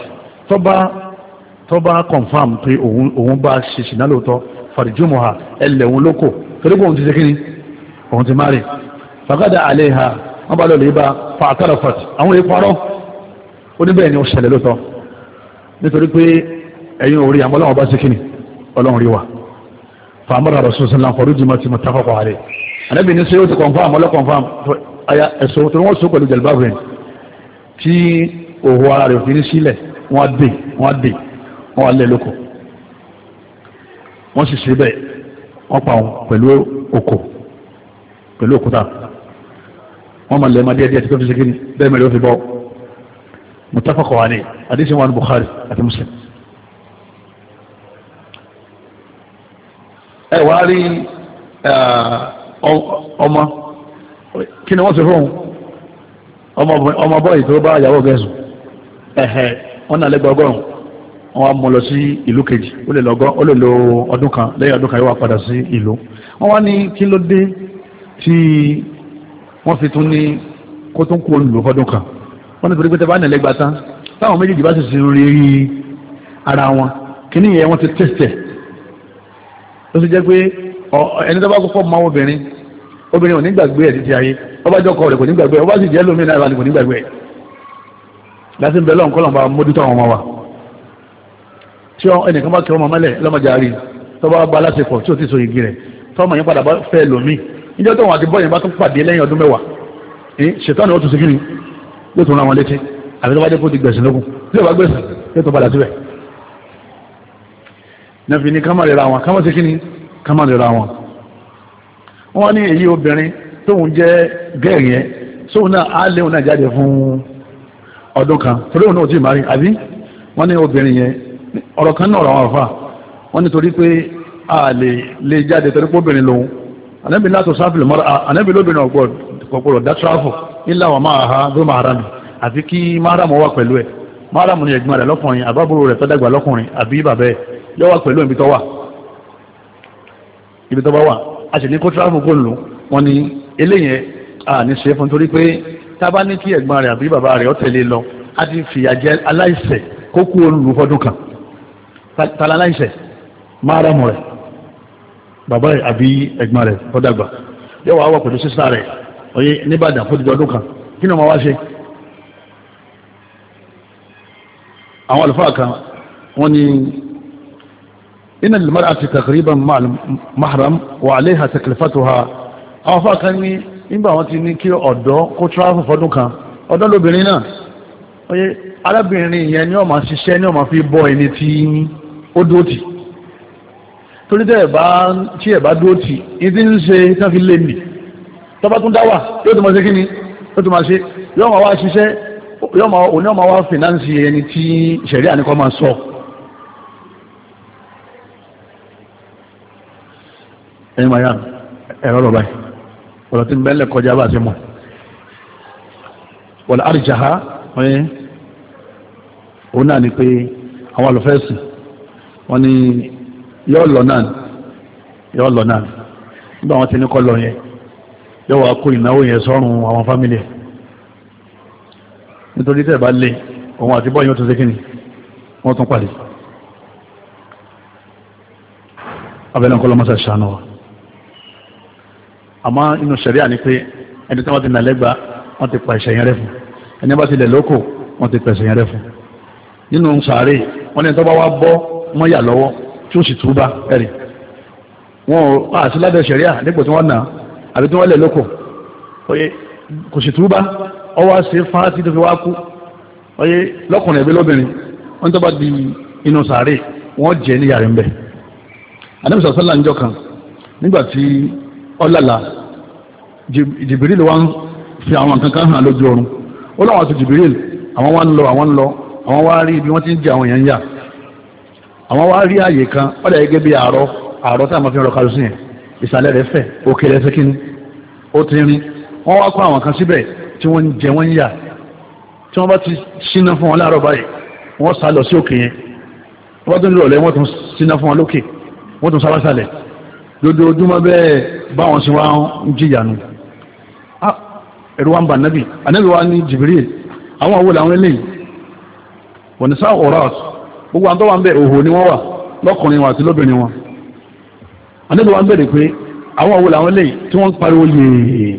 tọ́ba confam pé òun bá ṣe ṣìnà lóòótọ́ fàrìjúmọ̀ha ẹlẹ̀ òun lóko torí pé òun ti ṣe kíni òun ti márì fàgádà àlẹ́ ha wọ́n bá lọ́lẹ̀ bá fa àwọn èèpọ̀ rọ́ oníbẹ̀ẹ́ ni ó ṣẹlẹ̀ lóòótọ́ nítorí pé ẹ̀yin ò rí àmọ́ ọlọ́run ọba sí kíni ọlọ́run rí wa fàmúra rasul sallam fọdún jìmọ̀ tí mo ta kọ́kọ́ àlẹ́ ànábì ní sẹ́yìn ó ti kọ̀nfàm ọlọ́ kọ̀nfàm aya ẹ̀sọ́ tó wọ́n sọ pẹ̀lú jẹ̀lbáwé tí òhun ara rẹ̀ fi ní sílẹ̀ wọ́n á dè wọ́n á dè wọ́n á lóko wọ́n sì ṣe bẹ́ẹ̀ wọ́n pa wọn pẹ̀lú òkò pẹ̀lú òkúta wọ́n máa lẹ́ẹ̀ díẹ̀díẹ̀ tí kò fi ṣe kíni bẹ́ẹ̀ mẹ́rin ó fi bọ́ mutafakọ̀ عليه. ni àdísí البخاري، ní Bukhari àti Muslim ẹ wá rí ọmọ kí ni wọ́n ti fún ọmọ bọ́ọ̀yì tó bá ìyàwó gẹ̀ẹ́sù ẹ̀hẹ̀ wọ́n náà lẹ́gbẹ̀ẹ́ ọgọ́rùn wọ́n wá mú lọ sí ìlú kejì ó lè lo ọdún kan lẹ́yìn ọdún kan yóò wá padà sí ìlú wọ́n wá ní kí ló dé tí wọ́n fi tún ní kó tún kú olùlò fọ́dún kan wọ́n ní torí pé tẹ́bá nílẹ̀ gbà tán táwọn méjèèjì bá sì sí rí rí ara wọn kíní yẹn wọ́n ti tẹ̀sẹ̀ ó sì jẹ́ pé ẹni tó bá kọ́kọ́ mọ obìnrin obìnrin ò ní gbàgbé ẹ̀ títí ayé ọba jọkọ rẹ̀ kò ní gbàgbé ẹ̀ ọba sì jẹ́ lómi náírà ni kò ní gbàgbé ẹ̀ láti ń bẹ lọ́n kọ́lọ́n bá mójútó àwọn ọmọ wa tí ẹnìkan bá kẹ́ ọmọ mẹ́lẹ̀ lọ́mọdé àárín tó bá gba aláṣepọ̀ tí ò ti so igi rẹ̀ tọ́mọ yẹn padà fẹ́ lómi níjọ́ tó wọn àti bọ́ọ̀yìn bá tún pàdé lẹ́yìn ọdún mẹ́wàá ṣètọ́ ó tún ṣe kí yóò tún ra wọn létí àbí tó bá dé kó ti gbẹ̀sìn lókun tí yóò bá gbẹ̀sìn yóò tún padà síbẹ̀ nàfi ní kámà rẹ̀ ra wọn kámà sí kí ni kámà rẹ̀ ra wọn wọ́n ní èyí obìnrin tóun jẹ́ gẹ́ẹ̀ yẹn sóun náà á léun náà jáde fún ọdún kan torí òun náà ti máa rí àbí wọ́n ní obìnrin yẹn ọ̀rọ̀ kan náà rọ̀ wọn fà wọ́n ní torí pé a lè lè jáde torí pé obìnrin lòun ànábì látò sáfìlì mọ́ra ànábì lóbìnrin ọ̀gbọ́dọ̀ gbọ́dọ̀ dá tíráfù ilé àwọn máa ha ló máa ra mi àti kí máàràmù wà pẹ̀lú ẹ̀ máàràmù ni ẹ̀gbọ́n rẹ̀ lọ́kùnrin àbábúrò rẹ̀ tọ́dàgbà lọ́kùnrin àbí bàbá ẹ̀ yọ wà pẹ̀lú ibi tó wà ibi tó bá wà a sì ní kó tíráfù kó lù wọn ni eléyẹn a ní ṣe fún torí pé tá a bá ní kí ẹ̀gbọ́n rẹ̀ àbí bàbá rẹ̀ ó tẹ̀lé e lọ a ti fìyà jẹ aláìṣẹ̀ kó kú olùlù fọdún kan tala aláìṣẹ̀ máàràmù rẹ̀ bàbá rẹ̀ àbí ẹ̀gbọ́n rẹ̀ tọ́dàgbà yọ wà wà pẹ̀lú sísá rẹ̀ oye níbàdàn fún ìjọ ọdún kan kí ni wọ́n wá ṣe àwọn àlùfáà kan wọ́n ní iná lèmọ́ra àti takriban mahram wà aléhà taklifatuha àwọn àlùfáà kan ní nígbà wọ́n ti ní kí ọ̀dọ́ kó tráfù fọdún kan ọ̀dọ́ lóbìnrin náà oye arábìnrin yẹn ni ó máa ṣiṣẹ́ ni ó máa fi bọ́ ẹni tí ó dúró torí tí ẹ̀ bá dúró ní ti ń ṣe tán fi lé nìí tọ́ba tún dá wà yóò tún máa ṣe kí ni yóò tún máa ṣe yóò máa wá ṣiṣẹ́ yóò máa òní ọmọ wá fìnánsì ẹni tí ṣẹ̀rí àníkọ́ máa sọ. ẹ̀yin máa yá ẹ̀rọ lọ báyìí ọ̀rọ̀ tí ń bẹ́ẹ̀ lẹ̀ kọjá bá a ṣe mọ̀ wọ̀lá àrìjàhá ọ̀yẹ́ òun náà ni pé àwọn àlùfẹ́sì wọ́n ní yọ́ lọ náà yọ́ lọ náà nígbà wọn ti ní kọ́ lọ yẹn yóò wá kó ìnáwó yẹn sọ́rùn àwọn fámílì nítorí tẹ́ẹ̀ bá lé òun àti bọ́ọ̀yìn tó ṣe kíni wọ́n tún pàdé abẹ́lẹ́ nǹkan lọ́mọ́sá ṣàánú wa àmọ́ inú ṣẹ̀ríà ni pé ẹni tí wọ́n ti nà lẹ́gba wọ́n ti pa ìṣẹ̀yìn rẹ̀ fún ẹni bá ti lẹ̀ lóko wọ́n ti pa ìṣẹ̀yìn rẹ̀ fún nínú sàárè wọ́n ní tó bá wá bọ́ wọ́n yà lọ́wọ́ tí ó sì túbà ẹ̀rì wọn ò àti ládẹ́ ṣẹ̀ríà nípò tí wọ́n nà á àbí tí wọ́n lẹ̀ lóko oye kò sì túbá ọwọ́ ṣe fáátì tó fi wá kú oye lọ́kùnrin ẹ̀bí lóbìnrin wọ́n tó bá di inú sàárè wọ́n jẹ́ ní yàrá ń bẹ̀ Ànábì sàṣálà níjọ́ kan nígbà tí ọlọ́la jìbìrìlì wa ń fi àwọn kankan hàn lójú oorun ó láwọn àti jìbìrìlì àwọn wa ń lọ àwọn ń lọ àwọn wá rí ibi wọ́n ti ń jẹ àwọn èèyàn yà àwọn wá rí àyè kan ọ̀dà gẹ́gẹ́ ìsàlẹ̀ rẹ̀ fẹ̀ òkè rẹ̀ fẹ́ kí ni ó ti rin wọ́n wá kó àwọn kan síbẹ̀ tí wọ́n ń jẹ wọ́n ń yà tí wọ́n bá ti síná fún wọn láàárọ̀ báyìí wọ́n sá lọ sí òkè yẹn wọ́n tó ń lọ lẹ́ wọ́n tún síná fún wọn lókè wọ́n tún sábà sálẹ̀ lójoojúmọ́ bẹ́ẹ̀ báwọn sì wá ń jìyànú ẹ̀rù wa ń bà nábì ànábì wa ní Jibril àwọn àwòlà àwọn eléyìí wọ́n ọ̀rọ̀ gbogbo àwọn ń bẹ̀ òhò ni wọ́n wà lọ́kùnrin wọn àti lóbìnrin wọn anábì wọn bẹ̀rẹ̀ pé àwọn òwò làwọn lè tí wọ́n pariwo yèèyè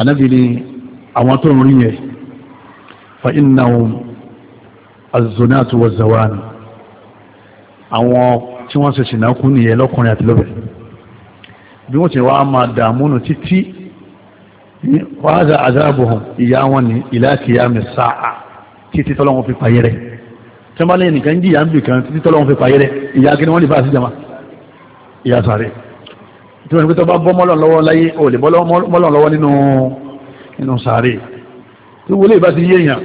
anábì e. ni àwọn tó ń rí yẹn fa iná azonatu wa zawani àwọn tí wọ́n ṣe ṣìnákú nìyẹn lọ́kùnrin àti lóbìnrin bí wọ́n ti wá máa dààmú nù títí wáza azabuhum ìyá wọn ni ila qiyam as-sa'a títí tọ́lọ́wọ́n fi payẹ́rẹ́ tí wọ́n bá lẹ́yìn nìkan jíyà ń bì kan títí tọ́lọ́wọ́n fi payẹ́rẹ́ ìyá kí ni wọ́n lè fà sí jama ìyá sáré tí wọ́n ní pé tó bá bọ́ mọ́lọ̀ lọ́wọ́ láyé o lè bọ́ mọ́lọ̀ lọ́wọ́ nínú nínú sáré tí wọlé ìbá ti yéèyàn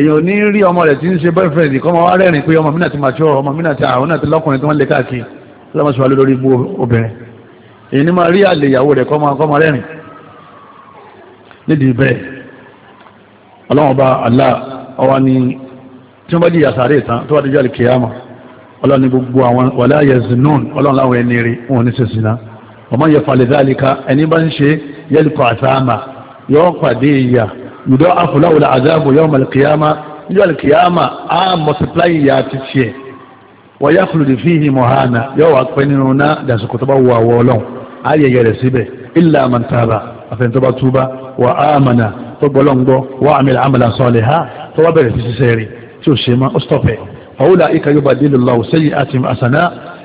èyàn ní rí ọmọ rẹ̀ tí ń ṣe boyfriend kọ́ ọmọ wa rẹ́rìn pé ọmọ mi náà ti màtí ọmọ mi náà ti àwọn náà ti lọ́kùnrin tí wọ́n lè káàkiri lọ́mọṣọ́ alẹ́ lórí ibú obìnrin ọlọ́ni gbogbo àwọn wàlá yaznun ọlọ́run láwọn ẹni rí wọn ní sísìnà ọmọ yẹ falẹ̀dálíka ẹni bá ń ṣe yẹlùkọ àtàmà yọ pàdé ìyà yùdọ́ àfúláwòlá àzáàbò yọ mọ̀lẹ̀kìyàmá yọ mọ̀lẹ̀kìyàmá á mọ̀sípláì ìyà ti tiẹ̀ wọ́n yá kùlùdì fíhì mọ̀hánà yọ wà pẹ́ nínú ná dàsìkò tó bá wù àwọ̀ ọlọ́run ayẹyẹ rẹ̀ síbẹ̀ ilà mọ̀ntàbà àfẹnitọ́ba fàwọ́lá ìka yóò bá dé lọ́wọ́ sẹ́yìn àti àsànà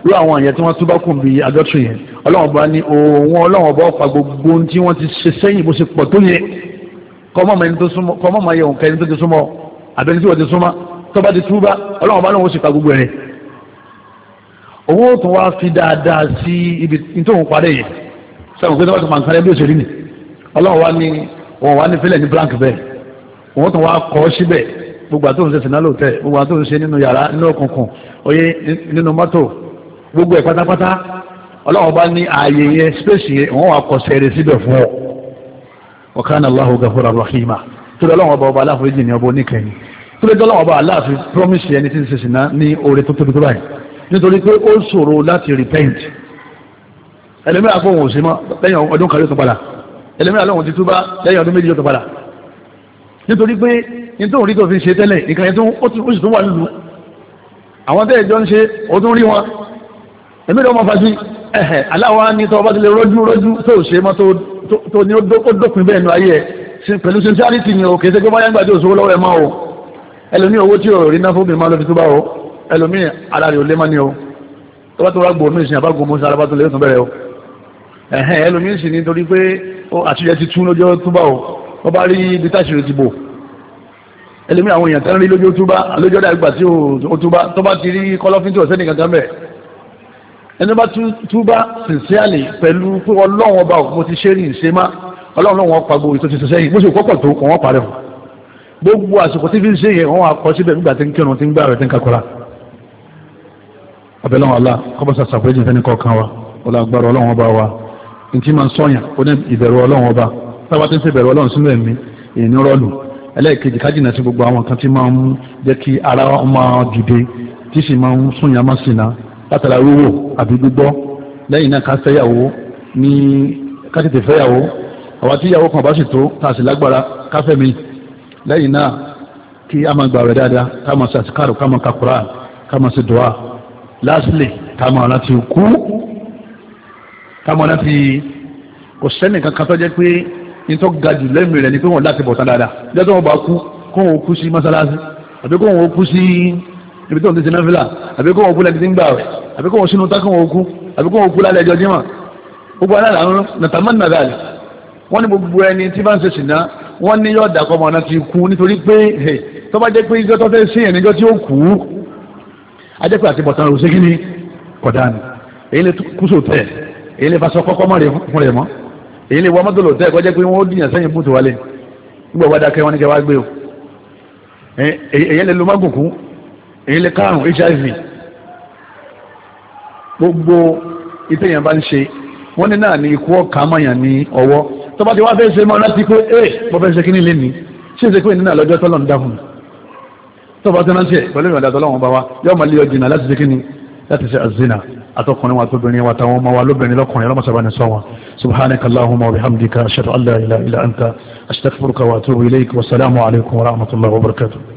irú àwọn àyẹ̀ tí wọ́n tún bá kùn bí adọ́tún yẹn ọlọ́wọ́n bá ní òun ọlọ́wọ́n bá pa gbogbo ohun tí wọ́n ti ṣe sẹ́yìn bó ṣe pọ̀ tó yẹ kọ́ mọ́ yẹ òǹkà ẹni tó ti súnmọ́ àbẹ̀ni tí wọ́n ti súnmọ́ tó bá ti túbá ọlọ́wọ́n bá lóun ó pa gbogbo ẹ̀rẹ̀ òun ó tún wá fi dáadáa sí ibi tó ń parẹ́ yẹn sẹ́wọ̀n pé tó bá ti pàǹkárẹ́ bí òṣèlú ni blank bẹ́ẹ̀ òun tún wá kọ́ gbogbo àtúntò ṣe sinalo tẹ gbogbo àtúntò ṣe nínú yàrá nínú òkùnkùn oyè nínú mọ́tò gbogbo ẹ̀ pátápátá ọlọ́wọ́ bá ní ààyè yẹn space yẹn wọ́n wà kọ́ sẹ́rẹ̀ síbẹ̀ fún ọ wa kana Allahu gafura rahima tó lọ́wọ́ bá ọba aláforíjì ní ọba oníkẹyìn tó lọ́wọ́ bá aláàfin promise ẹni tí ń ṣe sìnà ní oore tó tóbi tó báyìí nítorí pé ó ṣòro láti repent ẹlẹ́mìí àfọwọ́n ò sí mọ́ lẹ́yìn ọdún kan yóò tó padà ẹlẹ́mìí àlọ́wọ́n ti túbá lẹ́yìn ọdún méjì yóò tó padà nítorí pé ní tó ń rí tó fi ṣe tẹ́lẹ̀ ìkànnì tó ó sì tún wà lù àwọn tẹ́lẹ̀ jọ ń ṣe ó tún rí wọn èmi lọ́mọ fàájì ẹ̀hẹ̀ aláwa ní tọ́ ọba tó lè rọ́jú rọ́jú tó ṣe mọ́ tó ní ó dópin bẹ́ẹ̀ nu ayé ẹ̀ pẹ̀lú sincerity ni o kì í ṣe pé wáyà gbàdé òṣòwò lọ́wọ́ ẹ̀ máa o ẹlòmíì owó tí ò rí náà fún mi máa lọ fi túbà o ẹlòmíì ara rẹ̀ ò lé má o tó bá tó wá gbòó mi ìsìn àbá gbòó mo sára o ẹ̀hẹ̀ ẹlòmíì sì nítorí ẹlẹ́mí àwọn èèyàn tán rí lójú túbá lójú ọ̀dà ìgbà tí ó túbá tó bá ti rí kọlọ́fín tí ò sẹ́ni kankan bẹ̀ ẹni bá túbá sincerely pẹ̀lú pé ọlọ́run ọba òkú ti ṣe rí ìṣe má ọlọ́run náà wọ́n pa gbogbo ètò ìṣẹ̀ṣẹ̀ yìí bó ṣe kọ́kọ́ tó kọ́ wọ́n parẹ́ fún gbogbo àsìkò tí fi ń ṣe yẹn wọ́n wá kọ síbẹ̀ nígbà tí ń kírun tí ń gbà rẹ̀ tí ń kakura abẹ́lẹ́wọ̀n alá kọ́bọ̀sà sàpéjì fẹ́ni kọ̀ọ̀kan wa ọlá ẹlẹ́ẹ̀kejì kájìnà sí gbogbo àwọn kan tí máa ń jẹ́ kí ara ọmọ dìde tí sì máa ń sún yàmá sínà látara wíwò àbí gbígbọ́ lẹ́yìn náà ká fẹ́yàwó ní ká tètè fẹ́yàwó àwa tí ìyàwó kan bá sì tó tá a sì lágbára ká fẹ́ mi lẹ́yìn náà kí a máa gbà rẹ̀ dáadáa ká máa ṣe àsìkárò ká máa ka Kùránì ká máa ṣe dùá lásìlè ká máa láti kú ká máa láti kò sẹ́nì kankan tó jẹ́ pé nítorí wọn ga jù lẹ́mìí rẹ̀ ni pé wọn láti bọ̀ tán dáadáa ìjọ tó wọn bá kú kó wọn kú sí mọ́sálásí àbí kó wọn kú sí ibi tó ń tẹ̀sí náfìlà àbí kó wọn kú lẹ́ni tí ń gbà rẹ̀ àbí kó wọn sínú tá kó wọn kú àbí kó wọn kú lálẹ́ ẹjọ́ jímọ̀ gbogbo aláàlá ń nàtàmán nàdàlì wọ́n ní gbogbo ẹni tí bá ń ṣe ṣìnà wọ́n ní yọ̀ọ̀dà kọ́mọ náà ti kú nítorí pé tó bá jẹ́ pé ijọ́ tó fẹ́ sí ẹ̀ níjọ́ tí ó kú ajẹ́pẹ́ àti bọ̀tán rò ṣé kí ni kọ̀dá èyí lè kú sòtẹ́ èyí lè fa sọ kọ́kọ́ èyí lè wọ mọ́tò lò tẹ́ kọjá pé wọ́n dìyàn sẹ́yìn bùtù wálé gbogbo ọba dákẹ́ wọn ní kẹwàá gbé o èyí lè lo mágùnkú èyí lè kárùn hiv gbogbo ìtẹ̀yàn bá ń ṣe wọ́n ní náà ní ikú ọ̀ka mọ̀yàn ní ọwọ́ tó bá ti wá fẹ́ ṣe mọ́ láti pé ee mo fẹ́ ṣe kí ní ilé ní ṣé ṣe pé nínú àlọ́jọ́ tọ́lọ̀ ń dá tó bá ti rántí ẹ̀ pẹ̀lú ìrọ̀dà tọ́lọ̀ bá wa yọ́ọ́ atọkùnrin wa tóbìnrin wa táwọn ọmọ wa lóbìnrin lọkùnrin ọlọmọsàbà ní sọ wọn subhanaka allahumma wa bihamdika ashhadu an la ilaha illa anta astaghfiruka wa atubu ilayk wa salaamu alaykum wa rahmatullahi wa barakatuh